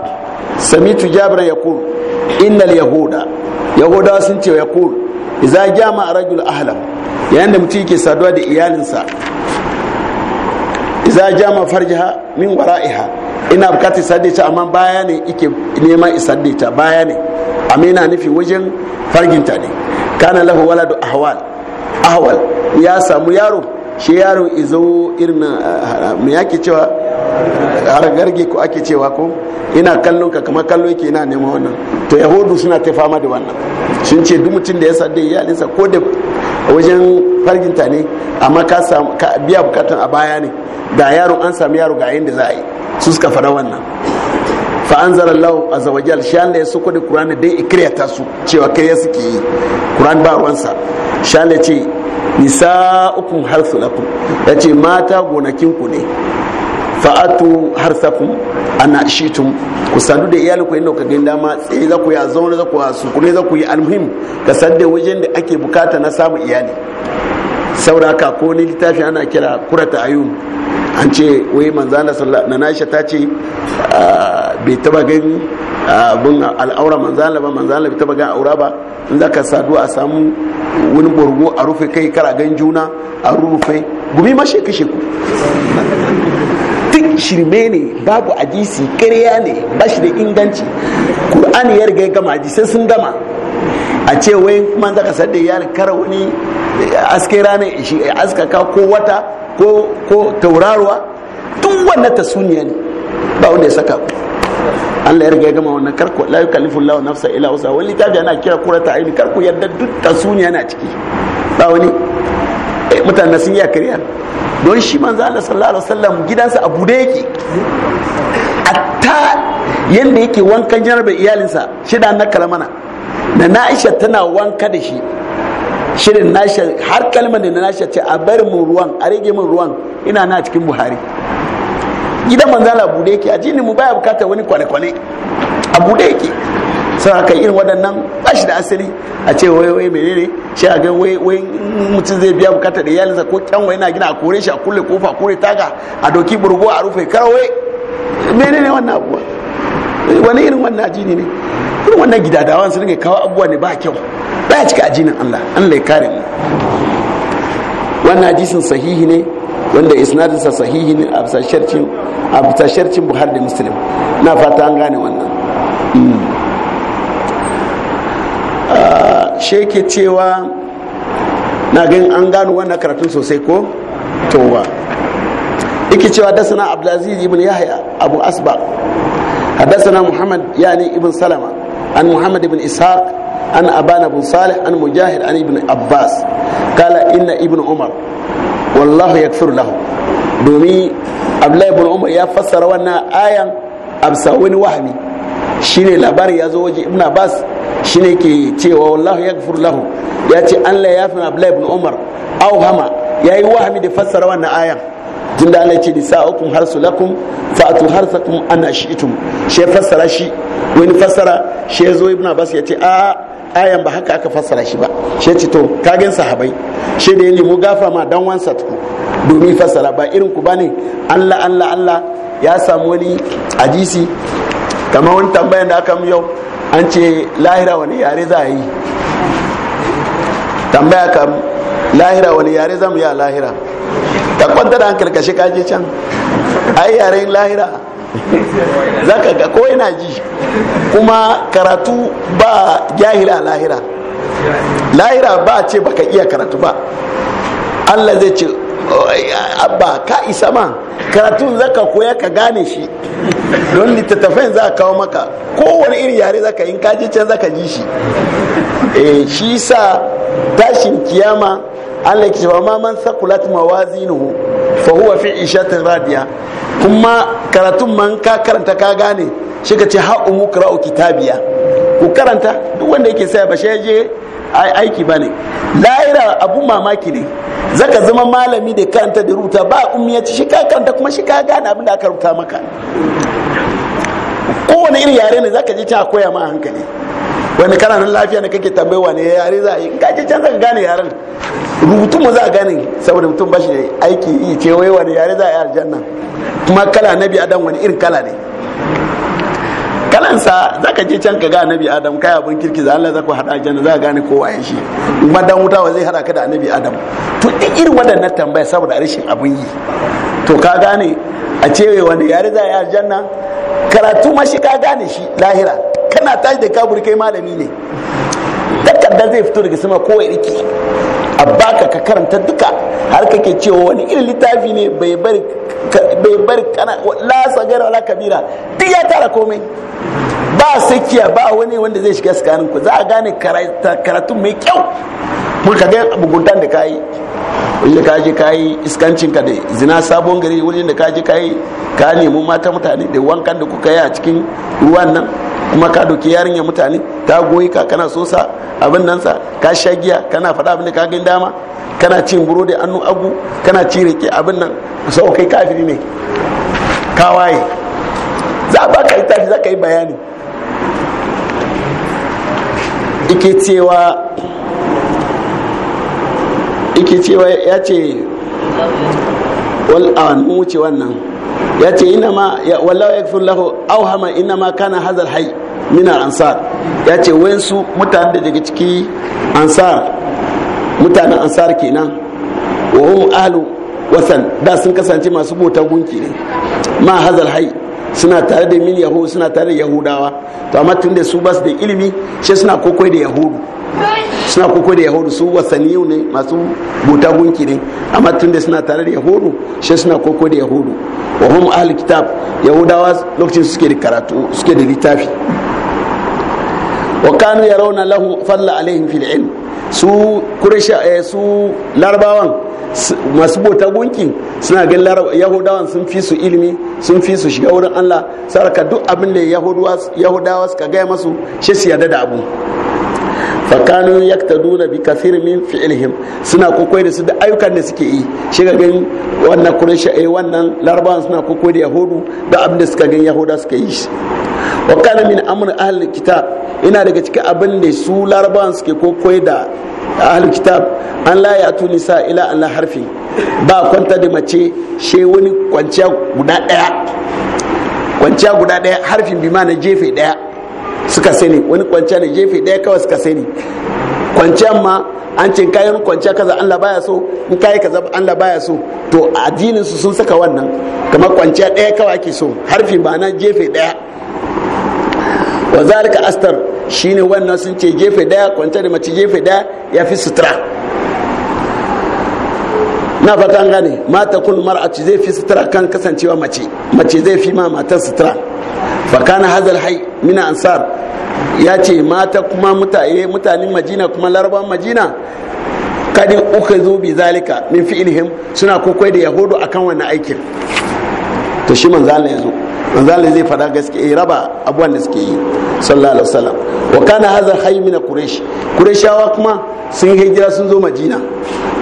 samitu jabir yaqul innal yahuda yahuda sun ce yaqul idza jama'a rajul ahlam yayin da mutum yake saduwa da iyalinsa za jama farjiha min wara'iha ina bukatar saddaita amma baya ne ike neman isaddaita baya ne amma yana nufi wajen farginta ne kana lahu da ahwal ahwal ya samu yaro shi yaro izo irin ah, me yake cewa garge ko ake cewa ko ina kallon ka kamar kallo yake ina neman wannan to yahudu suna ta fama da wannan sun ce duk mutum da ya sadde iyalinsa ko da wajen farginta ne amma ka biya bukatan a baya ne da yaro an sami yaro ga inda da za a yi su suka fara wannan fa an a Allah azza wa jalla shan kudi kuran da dai ikiriyata su cewa kai ya suke yi kuran ba ruwansa shan la ce nisa nisa'ukum harthu lakum yace mata gonakin ku ne fa'atu harsakum ana shitum ku sadu da iyali ku inda ku gani dama tsaye za ku yi zaune za ku a sukune za ku yi almuhim ka sadu da wajen da ake bukata na samun iyali sauraka ko ni littafi ana kira kurata ayun an ce wai manzana na nasha ta ce ah, bai taba gani ah, abin al'aura manzana ba manzana bai taba gani aura ba in za ka sadu a samu wani borgo a rufe kai kara gan juna a rufe gumi ma kashe ku shirme ne babu hadisi ƙarya ne ba shi da inganci kur'ani ya riga gama hadisai sun gama a ce wai kuma zaka da yar kar wani aske ranar shi askaka ko wata ko ko tauraruwa duk wannan tasuniya ne ba wanda ya saka Allah ya riga gama wannan karku la yukallifu Allah nafsa illa wusa wani litafi ana kira kurata aini karku yadda duk suniya na ciki ba wani eh, mutane sun yi kariya. don shi manzo Allah sallallahu alaihi wasallam gidansa a bude yake atta yanda yake wankan jarabe iyalinsa shida na kalmana da na Aisha tana wanka da shi shirin nasha har kalmar da nasha ce a bar mu ruwan a rage min ruwan ina na cikin buhari gidan manzala bude yake a jini mu baya bukata wani kwane-kwane a bude yake sai aka irin waɗannan ba shi da asali a ce wai wai menene shi a gan wai wai mutum zai biya bukata da iyalinsa ko kyanwa na gina a kore shi a kulle kofa a kore taga a doki burgo a rufe karawai menene wannan abuwa wani irin wannan ajini ne irin wannan gidadawan su dinga kawo abubuwa ne ba kyau ba ya cika ajinin Allah Allah ya kare mu wannan hadisin sahihi ne wanda isnadinsa sahihi ne a bisa sharcin a bisa sharcin Buhari da Muslim na fata an gane wannan hmm. she ke cewa na gani an gano wannan karatun sosai ko to Iki yake cewa da sana abdulaziz ibn yahya abu asba na muhammad ya yani ibn salama an muhammad ibn ishaq an abana ibn salih an mujahid an ibn abbas kala inna ibn umar wallahu yakfur lahu Domin abdullahi ibn umar ya fassara wannan ayan absa wahami. Shi ne labarin ya zo waje ibn abbas shine ke cewa wallahu gafur lahu ya ce Allah ya fi Abdullah ibn Umar aw hama yayi wahami da fassara wannan ayan jin da Allah ya ce nisa'ukum har fa'atu harsakum ana shi'tum she fassara shi wani fassara she zo ibn Abbas ya ce a ayan ba haka aka fassara shi ba she ce to kagen sahabai she da ya mu gafa ma dan wansa tuku domin fassara ba irin ku bane Allah Allah Allah ya samu wani hadisi kamar wani tambayan da aka yau an ce lahira wani yare za a yi tambaya kam lahira wani yare za mu yi a lahira ka kwanta da hankali kashe kaje can yi yaren lahira <laughs> za ka ga ko yana ji kuma karatu ba jahila lahira lahira ba ce baka iya karatu ba allah zai ce abba ka isa ma karatun ka koya ka gane shi don littattafan za kawo maka kowane irin yare zaka in kaji can ka ji shi e shi sa tashin kiyama Allah ke ba ma man sakulat mawazinuhu fa huwa fi ishatin radiya kuma karatun man ka karanta ka gane shi ka ce ha'umu umu kitabiya ku karanta duk wanda yake saya ba shi ya je aiki ba ne la'ira abu mamaki ne zaka zama malami da karanta da rubuta ba ci shi ka karanta kuma shi ka gane abin da aka rubuta maka kowane irin yare ne zaka je ta koya ma hankali wani kana nan lafiya ne kake tambayi wani yare za a yi ka je can zaka gane yaren rubutun mu za a gane saboda mutum ba shi aiki yi ce wai wani yare za a yi aljanna kuma kala nabi adam wani irin kala ne sa zaka je can ka ga annabi adam kai abin kirki za Allah ku hada aljanna za ka gane kowa ya shi kuma dan wuta zai hada ka da annabi adam to duk irin wadannan tambaya saboda rashin abun yi to ka gane a ce wanda yare za ya janna karatu ma shi ka gane shi lahira kana tashi da kaburi kai malami ne takardar zai fito daga sama kowa ya rike a baka ka karanta duka har kake cewa wani irin littafi ne bai bari kana la sagara wala kabira duk ya tara komai ba sakiya ba wani wanda zai shiga sakaninku za a gane karatun mai kyau ka ga muguntan da kayi inda ka je kai iskancin ka da zina sabon gari wurin da ka je kai ka nemi mata mutane da wankan da kuka yi a cikin ruwan nan kuma ka doki yarinya mutane ta goyi ka kana so sa abin nan sa ka sha giya kana faɗa abin da ka gani dama kana cin burodi annu agu kana ci rike abin nan sau kai kafiri ne waye za a baka ita za ka yi bayani ike cewa yake cewa ya ce wal'awan mun wuce wannan ya ce ina ma wallawa ya fi lahu auhama ina ma kana hazar hai minar ansar ya ce wayansu mutane da daga ciki ansar mutanen ansar kenan wa hum ahlu wasan da sun kasance masu bota gunki ne ma hazar hai suna tare da min yahudu suna tare da yahudawa to amma tun da su basu da ilimi shi suna kokoi da yahudu suna kuku da yahudu su wasaniyu ne masu buta gunki ne amma tun da suna tare da yahudu shi suna koko da yahudu wa hum ahli kitab yahudawa lokacin suke da karatu suke da littafi wa kanu yarawna lahu falla alaihim fil ilm su kurisha eh, su larabawan masu bota gunki suna gan yahudawan sun fi su ilimi sun fi su shiga wurin allah saraka duk abin da yahudawa suka gaya masu shi su yarda da abu fakanu yaktaduna bi kathir min fi'lihim suna kokoi da su da ayyukan da suke yi shi ga gani wannan kurisha eh wannan larabawan suna kokoi da yahudu da abin da suka gani yahuda suka yi shi wa kana min amr ahli kitab ina daga cikin abin da su larabawan suke kokoi da ahli kitab an la tuni nisa ila an harfi ba kwanta da mace she wani kwanciya guda daya kwanciya guda daya harfin bi ma na jefe daya suka sani wani kwanciya ne jefe daya kawai suka sani kwanciyan ma an ce kayan kwanciya kaza Allah baya so in kayi kaza Allah baya so to addinin su sun saka wannan kamar kwanciya daya kawai ake so harfi na jefe daya wa zalika astar shine wannan sun ce jefe daya kwanciya da mace jefe daya ya fi sutura na fata an gane mata kun mar'a zai fi sutura kan kasancewa mace mace zai fi ma matar sutura fakana hazal hai mina ansar ya ce mata kuma mutane mutanen majina kuma laraban majina kadin uka zo bi zalika min fi'ilihim suna kokoi da yahudu akan wannan aikin to shi manzo Allah ya manzo Allah zai fada gaskiya eh, raba abuwan da suke yi sallallahu alaihi wasallam wa kana hadha hayy min quraish qurayshawa kuma sun hijira sun zo madina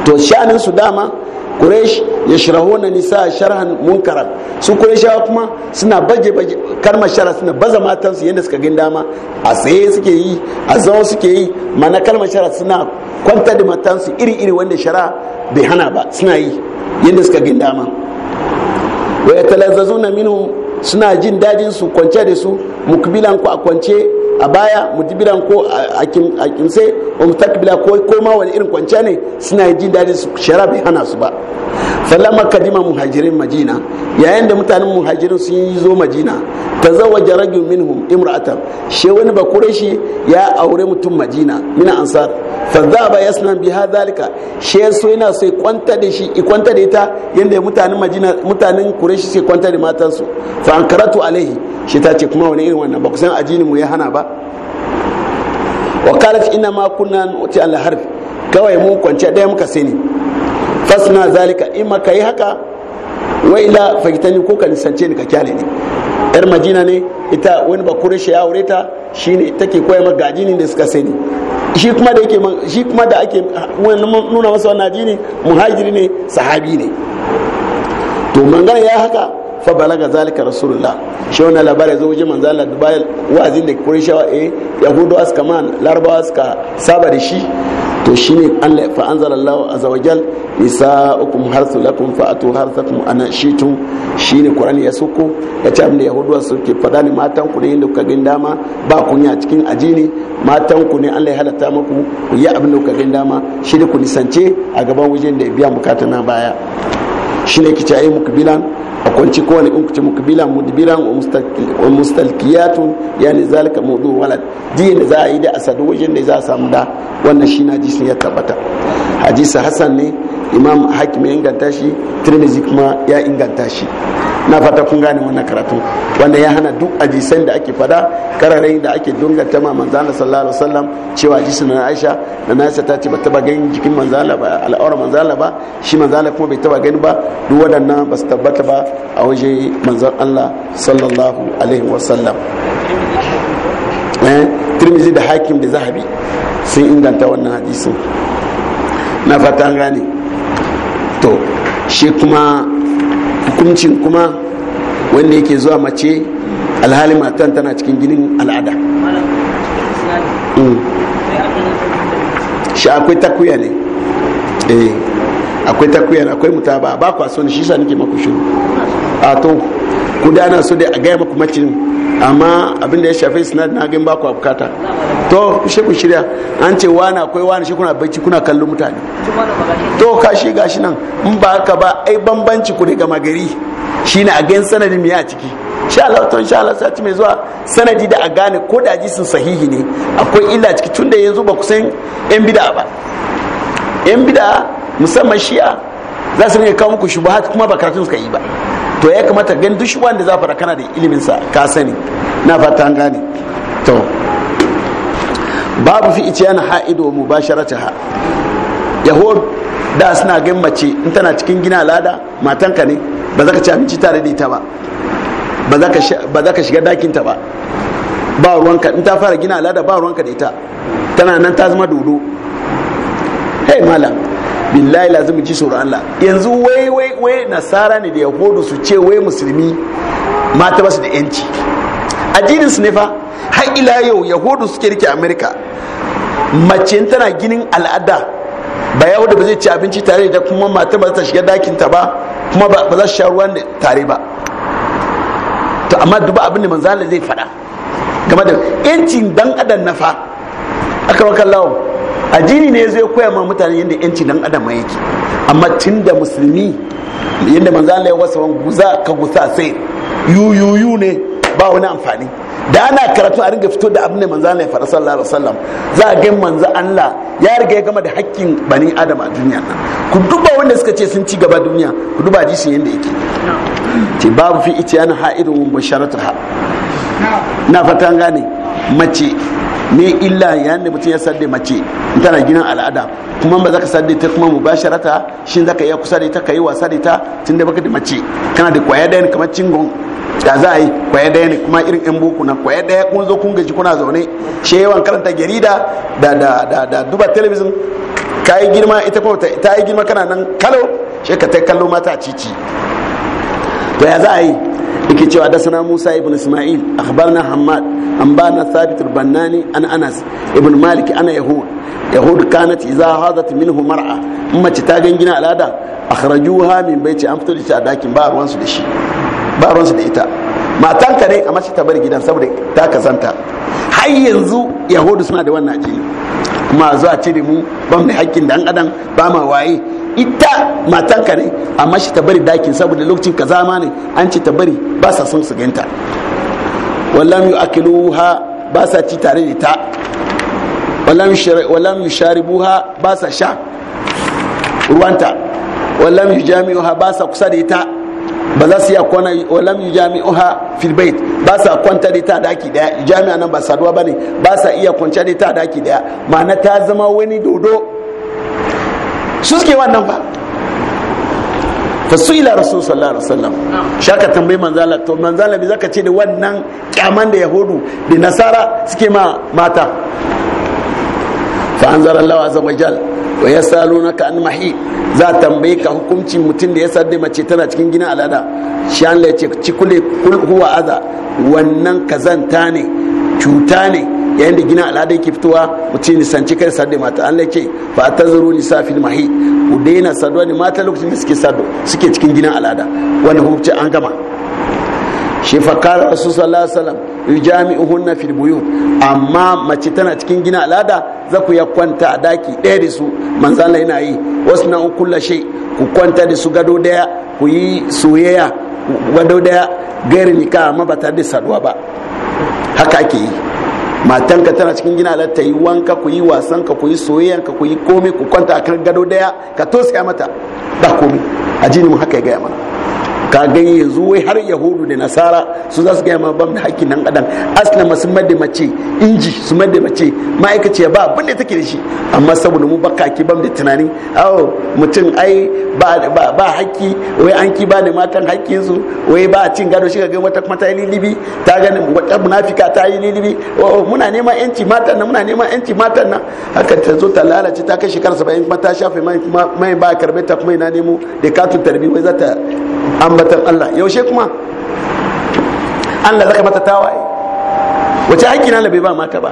to sha'anin su dama quraish yashrahuna nisa sharhan munkaran su quraishawa kuma suna baje baje karma shara suna baza matan su yanda suka gin dama a tsaye suke yi a zama suke yi mana karma shara suna kwanta da matan su iri iri wanda shara bai hana ba suna yi yanda suka gin dama wa yatalazzuna minhum suna jin dadin su kwance da su mukbilan ku a kwance a baya mujibiran ko a kimse ko mutakbila ko koma wani irin kwanciya ne suna jin daɗin su shara bai hana su ba falamma kadima muhajirin majina yayin da mutanen muhajirin sun yi zo majina ta zawa jaragin minhum imratan she wani bakure shi ya aure mutum majina mina ansar ya yasnan biha zalika she so yana sai kwanta da shi i kwanta da ita yadda mutanen majina mutanen kureshi sai kwanta da matansu fa ankaratu alaihi shi ta ce kuma wani irin wannan ba ku san ajini mu ya hana ba wa qalat ina ma kunna nuti al harb kawai mu kwance daya muka sani fasna zalika in ma kai haka wa ila fagitani ko ka nisance ni ka kyale ne yar majina ne ita wani ba shi ya aure ta shine take koya ma gajini da suka sani shi kuma da yake shi kuma da ake nuna masa wannan ajini muhajiri ne sahabi ne to mangana ya haka fa balaga zalika rasulullah shi wannan labarai zo wajen manzo Allah dubai wa'azin da qurayshawa eh yahudu askaman larabawa aska saba da shi to shine Allah fa anzalallahu azza wajal nisaukum harsu lakum fa atu harsakum ana shitum shine qur'ani ya soko ya ce abin da yahuduwa ke fada ne matan ku ne inda kuka gin dama ba kunya cikin ajini matan ku ne Allah ya halatta muku ku yi abin da kuka gin dama shi da ku nisance a gaban wajen da ya biya bukata na baya shine kice ayi muku bilan a kwanci kowane in mukabila mukbilan mudbiran wa mustalkiyatun yani zalika mawdu walad diyan da za a yi da asadu wajen da za a samu da wannan shi na jisun ya tabbata hadisi hasan ne imam hakim ya inganta shi tirmizi kuma ya inganta shi na fata kun gane wannan karatu wanda ya hana duk ajisan da ake fada kararai da ake dunganta ma manzana sallallahu alaihi wasallam cewa jisun na Aisha na Aisha ta ce ba taba ganin jikin manzana ba al'aura manzana ba shi manzana kuma bai taba gani ba duk waɗannan ba su tabbata ba a waje manzan Allah sallallahu alaihi wasallam eh, tirmizi da hakim da zahabi sun inganta wannan hadisin na fatan gane to shi kuma hukuncin kuma wanda yake zuwa mace alhali matan tana cikin ginin al'ada mm. shi akwai takuya ne eh akwai takwiyar akwai mutaba ba kwa so ne shi sa nake maku shiru a to ku dana so dai a gaya maku macin amma abinda ya shafi sinad na gan ba kwa bukata to shi ku shirya an ce wani akwai wani shi kuna bacci kuna kallon mutane to kashi gashi nan in ba haka ba ai bambanci ku daga magari shine a gan sanadin miya a ciki sha Allah to insha Allah sati mai zuwa sanadi da a gane ko da sun sahihi ne akwai illa ciki tunda yanzu ba ku san yan bid'a ba yan bid'a musamman shiya za su rinka kawo muku shubuhat kuma ba karatun suka yi ba to ya kamata gan duk shubuhan da za fara kana da ilimin sa ka sani na fata an gane to babu fi ice yana ha'ido mu ba ha yahud da suna gan mace in tana cikin gina lada matanka ne ba za ka ci abinci tare da ita ba ba za ka shiga dakinta ba ba ruwanka in ta fara gina lada ba ruwanka da ita tana nan ta zama dodo hey malam billahi lazim ci tsoron Allah yanzu wai wai wai nasara ne da yahudu su ce wai musulmi mata basu da yanci addinin su ne fa har ila yau yahudu suke rike america mace tana ginin al'ada ba yahudu ba zai ci abinci tare da kuma mata ba ta shiga dakin ta ba kuma ba za su sha ruwan tare ba to amma duba abin da manzo Allah zai faɗa game da yancin dan adam na fa akan addini ne zai koya ma mutane yadda yanci dan adam yake amma tun da musulmi yadda manzo Allah ya wasa guza ka gusa sai yuyuyu ne ba wani amfani da ana karatu a ringa fito da abin da manzo Allah ya fara sallallahu alaihi wasallam za a ga manzo Allah ya riga ya gama da hakkin bani adam a duniya nan ku duba wanda suka ce sun ci gaba duniya ku duba jishin yadda yake ce babu fi itiyana ha'idun basharatul ha na fatan gane mace ne illa yayin da mutum ya sadde mace tana ginin al'ada kuma ba za ka sadde ta kuma mubasharata shi za ka iya kusa da ita ka yi wasa da ita tun da baka da mace kana da kwaya daya ne kamar cingon da za a yi kwaya daya ne kuma irin yan boko na kwaya daya kun zo kun gaji kuna zaune shi yawan karanta jarida da da da da duba telebijin ka yi girma ita kuma ta yi girma kana nan kalo shi ka ta kallo mata cici to ya za a yi yake cewa Sana, Musa ibn Isma'il akhbarna Hammad bana Thabit al-Bannani an Anas ibn Malik ana Yahud Yahud kanat idza hadat minhu mar'a amma ci ta gangina alada akhrajuha min baiti an fito da shi a dakin ba ruwan da shi ba ruwan da ita matan kare a mace ta bar gidan saboda ta kasanta har yanzu Yahud suna da wannan ajili kuma zuwa cire mu ban mai da hakkin dan adam ba ma waye ita matanka ne amma shi ta bari dakin saboda lokacin kaza ma ne an ce ta bari ba sa son su ganta wallam yu'akiluha ba sa ci tare da ta wallam yusharibuha ba sa sha ruwanta wallam yujami'uha ba sa kusa da ita ba za su iya kwana walam yu jami'uha fil bait ba sa kwanta da ita daki daya jami'a nan ba saduwa bane ba sa iya kwanta da ita daki daya ma'ana ta zama wani dodo su suke wannan ba ila rasul sallallahu alaihi wasallam shaka tambayi manzala to manzala bi zaka ce da wannan kyaman da yahudu da nasara suke ma mata fa anzara Allah azza wa jal wa yasalunaka an mahi za tambaye ka hukunci mutum da ya sadde mace tana cikin gina alada shi an ya ce ci kule aza huwa wannan kazanta ne cuta ne yayin da gina al'ada yake fitowa mutum nisanci kai sadda mata an ce ba ta zaro sa fili mahi ku daina saduwa ne mata lokacin da suke sadu suke cikin gina al'ada wanda hukunci an gama shi fakar rasu sallallahu alaihi wasallam yujami'uhunna fil amma mace tana cikin gina al'ada za ku ya kwanta a daki ɗaya da su manzo Allah yana yi wasu na ukulla shi ku kwanta da su gado daya ku yi soyayya gado daya gairi nika amma ba tare da saduwa ba haka ake yi matanka tana cikin gina latta yi wanka ku yi wasan ka ku yi soyayyan ka ku yi komai ku kwanta a kan gado daya ka tosaya mata ba komai ajini mu haka ya gaya mana ka ga yanzu wai har yahudu da nasara su za su gaya ma ban da hakkin nan adam aslama sun madda mace inji su madda mace ma'aikaciya ba abin da take da shi amma saboda mu baka ki ban da tunani awo mutum ai ba hakki wai an ki ba ne matan hakkin su wai ba a cin gado shi ga wata kuma ta yi lilibi ta gani wata munafika ta yi lilibi muna neman yanci matan nan muna neman yanci matan nan haka ta zo ta lalace ta kai shekara 70 kuma ta shafe mai ba karbe ta kuma ina nemo da katun tarbi wai za ta ambatan Allah yaushe kuma Allah zaka mata tawaye wace haƙƙi na bai ba mata ba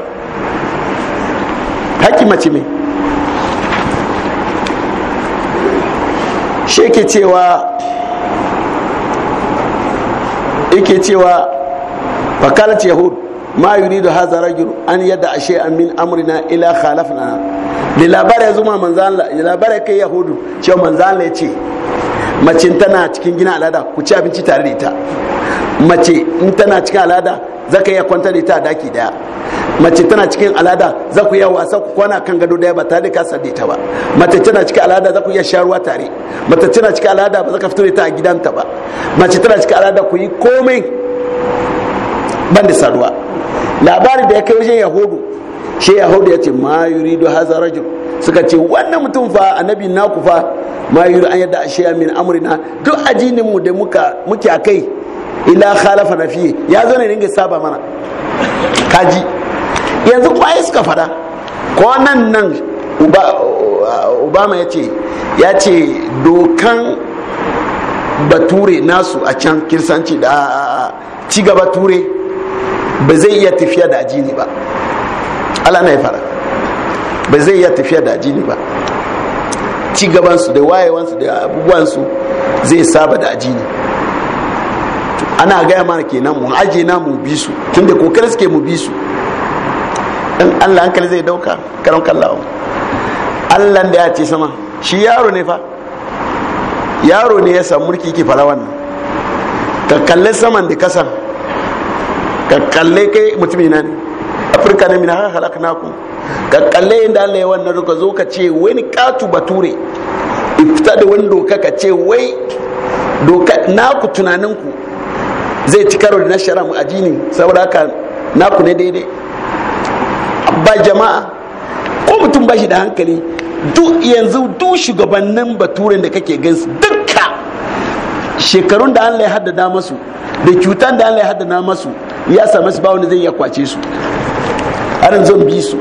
haƙƙi mace me shi ke cewa yake cewa fakalat yahud ma yuridu hadha rajul an yadda shay'an min amrina ila khalafna da labarai ya zuma manzo Allah da labarai kai yahudu cewa manzo Allah ya ce mace tana cikin gina al'ada ku ci abinci tare da ita mace in tana cikin al'ada za ka iya kwanta da ita a daki daya mace tana cikin al'ada za ku iya wasa ku kwana kan gado daya ba tare da kasar da ita ba mace tana cikin al'ada za ku iya sharuwa tare mace tana cikin al'ada ba za ka fito da ita a gidanta ba mace tana cikin al'ada ku yi komai ban da saduwa labari da ya kai wajen yahudu shi yahudu ya ce ma yuridu hazarajul suka ce wannan mutum fa annabi naku fa ma yuri an yadda ashiya min amrina duk ajinin mu da muka muke akai ila khalafa nafi ya zo ne ringa saba mana kaji yanzu kwaye suka fada ko nan nan obama ya ce ya ce dokan bature nasu a can kirsanci da ci gaba ture ba zai iya tafiya da ajini ba ala na ya fara ba zai iya tafiya da ajini ba ci gabansu da wayewansu da abubuwansu zai saba da ajini ana gaya mana kenan mu aje na mu bi su tunda kokari suke mu bi su dan Allah hankali zai dauka karon kallawa Allah da ya ce sama shi yaro ne fa yaro ne ya samu mulki ke fara wannan ka kalle saman da kasa ka kalle kai mutum ne afirka ne min har halaknaku ka kalle inda Allah ya wannan ruka zo ka ce wai ni katu bature ifta da wani doka ka ce wai doka naku ku zai ci karo da na shara mu ajini saboda haka naku ne daidai ba jama'a ko mutum ba shi da hankali duk yanzu duk shugabannin bature da kake gansu dukka shekarun da Allah ya haddada masu da cutan da Allah ya haddada masu ya same su ba wanda zai iya kwace su harin zan bi su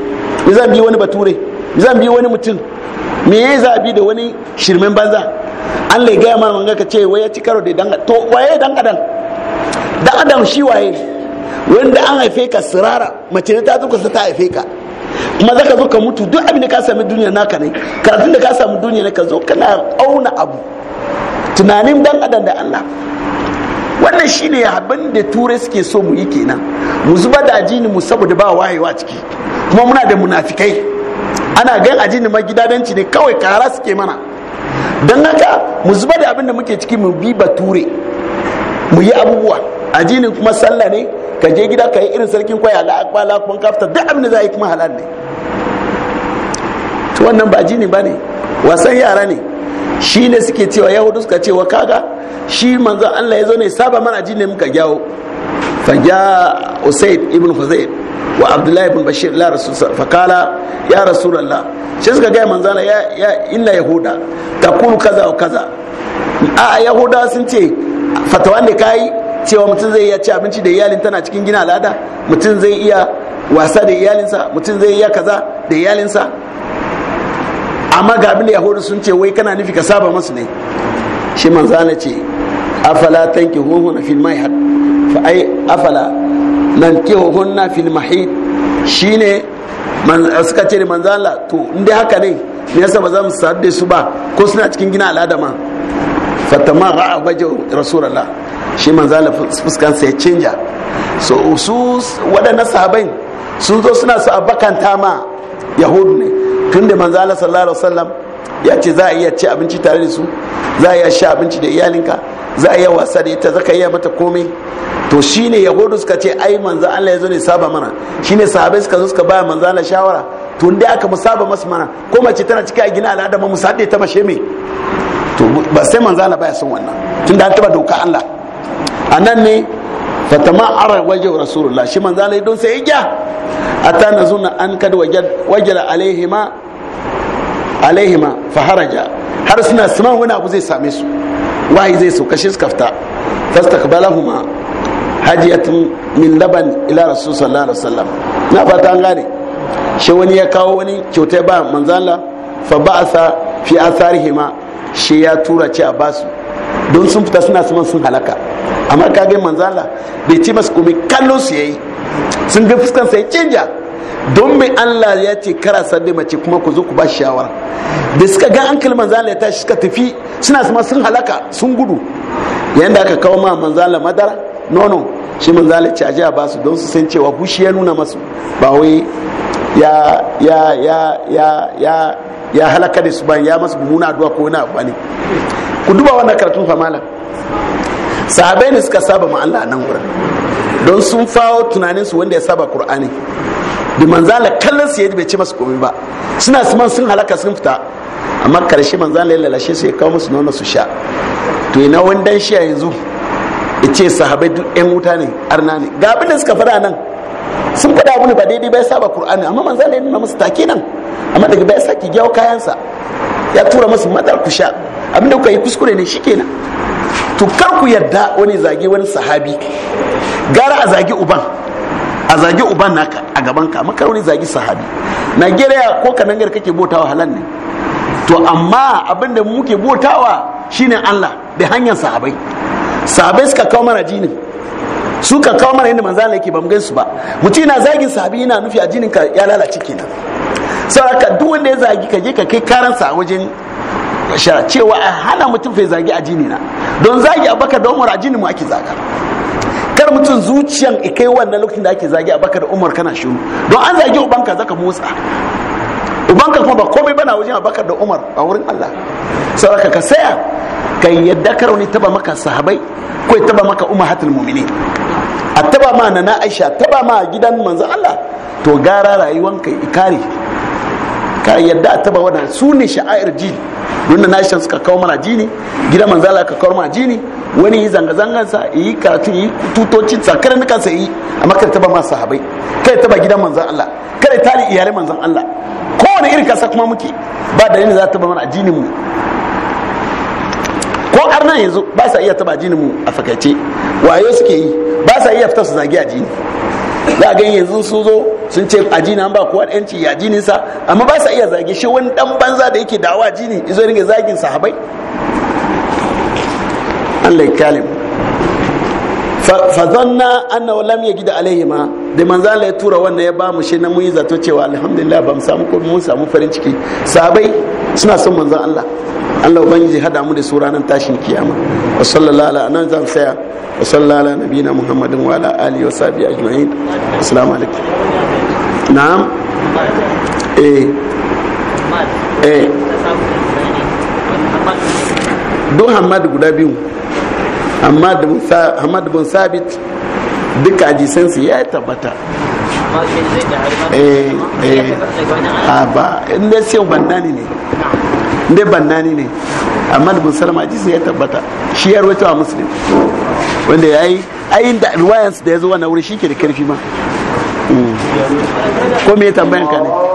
zan bi wani bature zan bi wani mutum me ya za bi da wani shirmen banza an lai gaya mana wanga ka ce wai ci karo da dan to waye dan adam dan adam shi waye wanda an haife ka sirara mace ne ta zo ka ta haife ka kuma zaka zo ka mutu duk abin da ka sami duniya naka ne karatun da ka sami duniya ne ka zo kana auna abu tunanin dan adam da Allah wannan shine abin da turai suke so mu yi kenan mu zuba da ajini mu saboda ba wayewa ciki kuma muna da munafikai ana gan ajini ma gidadanci ne kawai kara suke mana don haka mu zuba da abin da muke ciki mu bi bature mu yi abubuwa ajini kuma sallah ne ka je gida ka yi irin sarkin kwaya la akwala kafta duk abin da za a yi kuma halal ne wannan ba ajini ba ne wasan yara ne shi ne suke cewa yahudu suka cewa kaga shi manzo Allah ya zo ne saba mana ji ne muka gyawo fa ja usaid ibn huzayd wa abdullahi ibn bashir la rasul fa kala ya rasulullah shi suka ga manzo ya ya inna yahuda Takulu kaza wa kaza a yahuda sun ce fatawa ne kai cewa mutum zai iya ci abinci da iyalin tana cikin gina al'ada mutum zai iya wasa da iyalinsa mutum zai iya kaza da iyalinsa amma ga abin da yahudu sun ce wai kana nufi ka saba masu ne shi manzana ce afala tankihuhunna fil mahid fa ai afala nan ke nankihuhunna fil mahid shine man suka ce manzo Allah to inda haka ne me yasa ba za mu sadu da su ba ko suna cikin gina al'ada ma fatama a waje rasulullah shi manzo Allah fuskan sai canja so su waɗannan sahabai sun zo suna su abakanta ma yahudu ne tunda manzo Allah sallallahu alaihi wasallam ya ce za a iya ci abinci tare da su za a iya sha abinci da iyalinka za a yi wasa da ita za ka iya mata komai to shine yahudu suka ce ai manzo Allah ya zo ne saba mana shine sahabe suka zo suka ba manzo Allah shawara to inda aka musaba masu mana ko mace tana cikin gina al'ada mu sadde ta mashe me to ba sai manzo Allah baya son wannan tunda an taba doka Allah anan ne fatama ara wajhu rasulullah shi manzo Allah don sai ya ata nazuna an kad wajad wajala alaihima alaihima faharaja har suna suman wani abu zai same su wahayi zai sauka shi suka fita ya hajiyatun min laban ila rasu sallallahu alaihi wasallam na fata an gane shi wani ya kawo wani kyauta ba manzala fa ba a sa fi atharihima shi ya tura ce a basu don sun fita suna suman sun halaka amma kage manzala bai ce masu komai kallon su yayi sun ga fuskansa ya canja don mai Allah ya ce kara sadda mace kuma ku zo ku ba shawara da suka ga an kalmar zala ya tashi suka tafi suna suma sun halaka sun gudu yanda aka kawo ma manzala madara nono shi manzala ce aje a basu don su san cewa bushi ya nuna masu ba wai ya halaka da su ban ya masu muna addu'a ko wani abu ne ku duba wannan karatun fa malam sahabai ne suka saba ma Allah nan wurin don sun fawo su wanda ya saba Kur'ani da manzala kallon su yadda bai ce masu komai ba suna suman sun halaka sun fita amma karshe manzala ya lalashe su ya kawo musu nono su sha to ina wani dan shi a yanzu ya ce sahabai duk yan wuta ne arna ne ga abin da suka fara nan sun faɗa abu ne ba daidai bai saba qur'ani amma manzala ya nuna musu take nan amma daga bai saki gyawo kayansa ya tura musu madar ku sha abinda kuka yi kuskure ne shikenan to kar ku yarda wani zage wani sahabi gara a zage uban a zage uban naka a gaban ka wani zagi sahabi na nigeria ko kanan gari kake botawa halal ne to amma abin da muke botawa shine allah da hanyar sahabai sahabai suka kawo mana jinin suka kawo mana yadda manzana yake ba mu gaisu ba mutum na zagin sahabi yana nufi a jinin ka ya lalace kenan saboda duk wanda ya zagi ka je ka kai karan sa wajen shara cewa a hana mutum fai zagi a jini na don zagi abaka da umar a jini mu ake zaga kar mutum zuciyan ikai wannan lokacin da ake zagi abakar umar kana shiru don an zagi ubanka zaka motsa ubanka kuma ba komai bana wajen a bakar da umar a wurin allah sauraka ka saya ka yadda karo ne taba maka sahabai ko ya taba maka ummahatul mu'minin a taba ma na aisha taba ma gidan manzo allah to gara rayuwanka ikari ka yadda a taba wannan su ne sha'air jil wanda nation suka kawo mana jini gidan manzala ka kawo mana jini wani yi zanga-zangan sa yi karatu yi tutoci tsakar nuka sa yi amma kada taba masu sahabai kada taba gidan manzan Allah kada tare iyalai manzan Allah kowane irin kasa kuma muke ba yin za ta taba mana jinin mu ko arna yanzu ba sa iya taba jinin mu a fakaice waye suke yi ba sa iya fita su zagi a jini za a gani yanzu sun zo sun ce jini an ba kowa yanci ya jini sa amma ba sa iya zage shi wani dan banza da yake dawa jini izo ringa zagin sahabai Allah ya kalim fa zanna annahu lam yajid ma da manzo Allah ya tura wanda ya ba mu shi na mun yi zato cewa alhamdulillah ba mu samu ko mu samu farin ciki sahabai suna son manzo Allah Allah ubangiji hada mu da su ranar tashin kiyama wa sallallahu ala anan zan saya wa sallallahu ala nabina muhammadin wa ala alihi wa sahbihi ajma'in assalamu alaikum na'am eh eh do hamad guda biyu hamad bin hamad bin sabit duka ajisan su ya tabbata eh eh a ah, ba inda sai bandani ne dai bannani ne amma da musulma hadisi ya tabbata shi ya rawaito a musulun wanda ya yi ayin da ruwayansu da ya zo na wuri shi ke da karfi ma hmm. ko me tambayan ne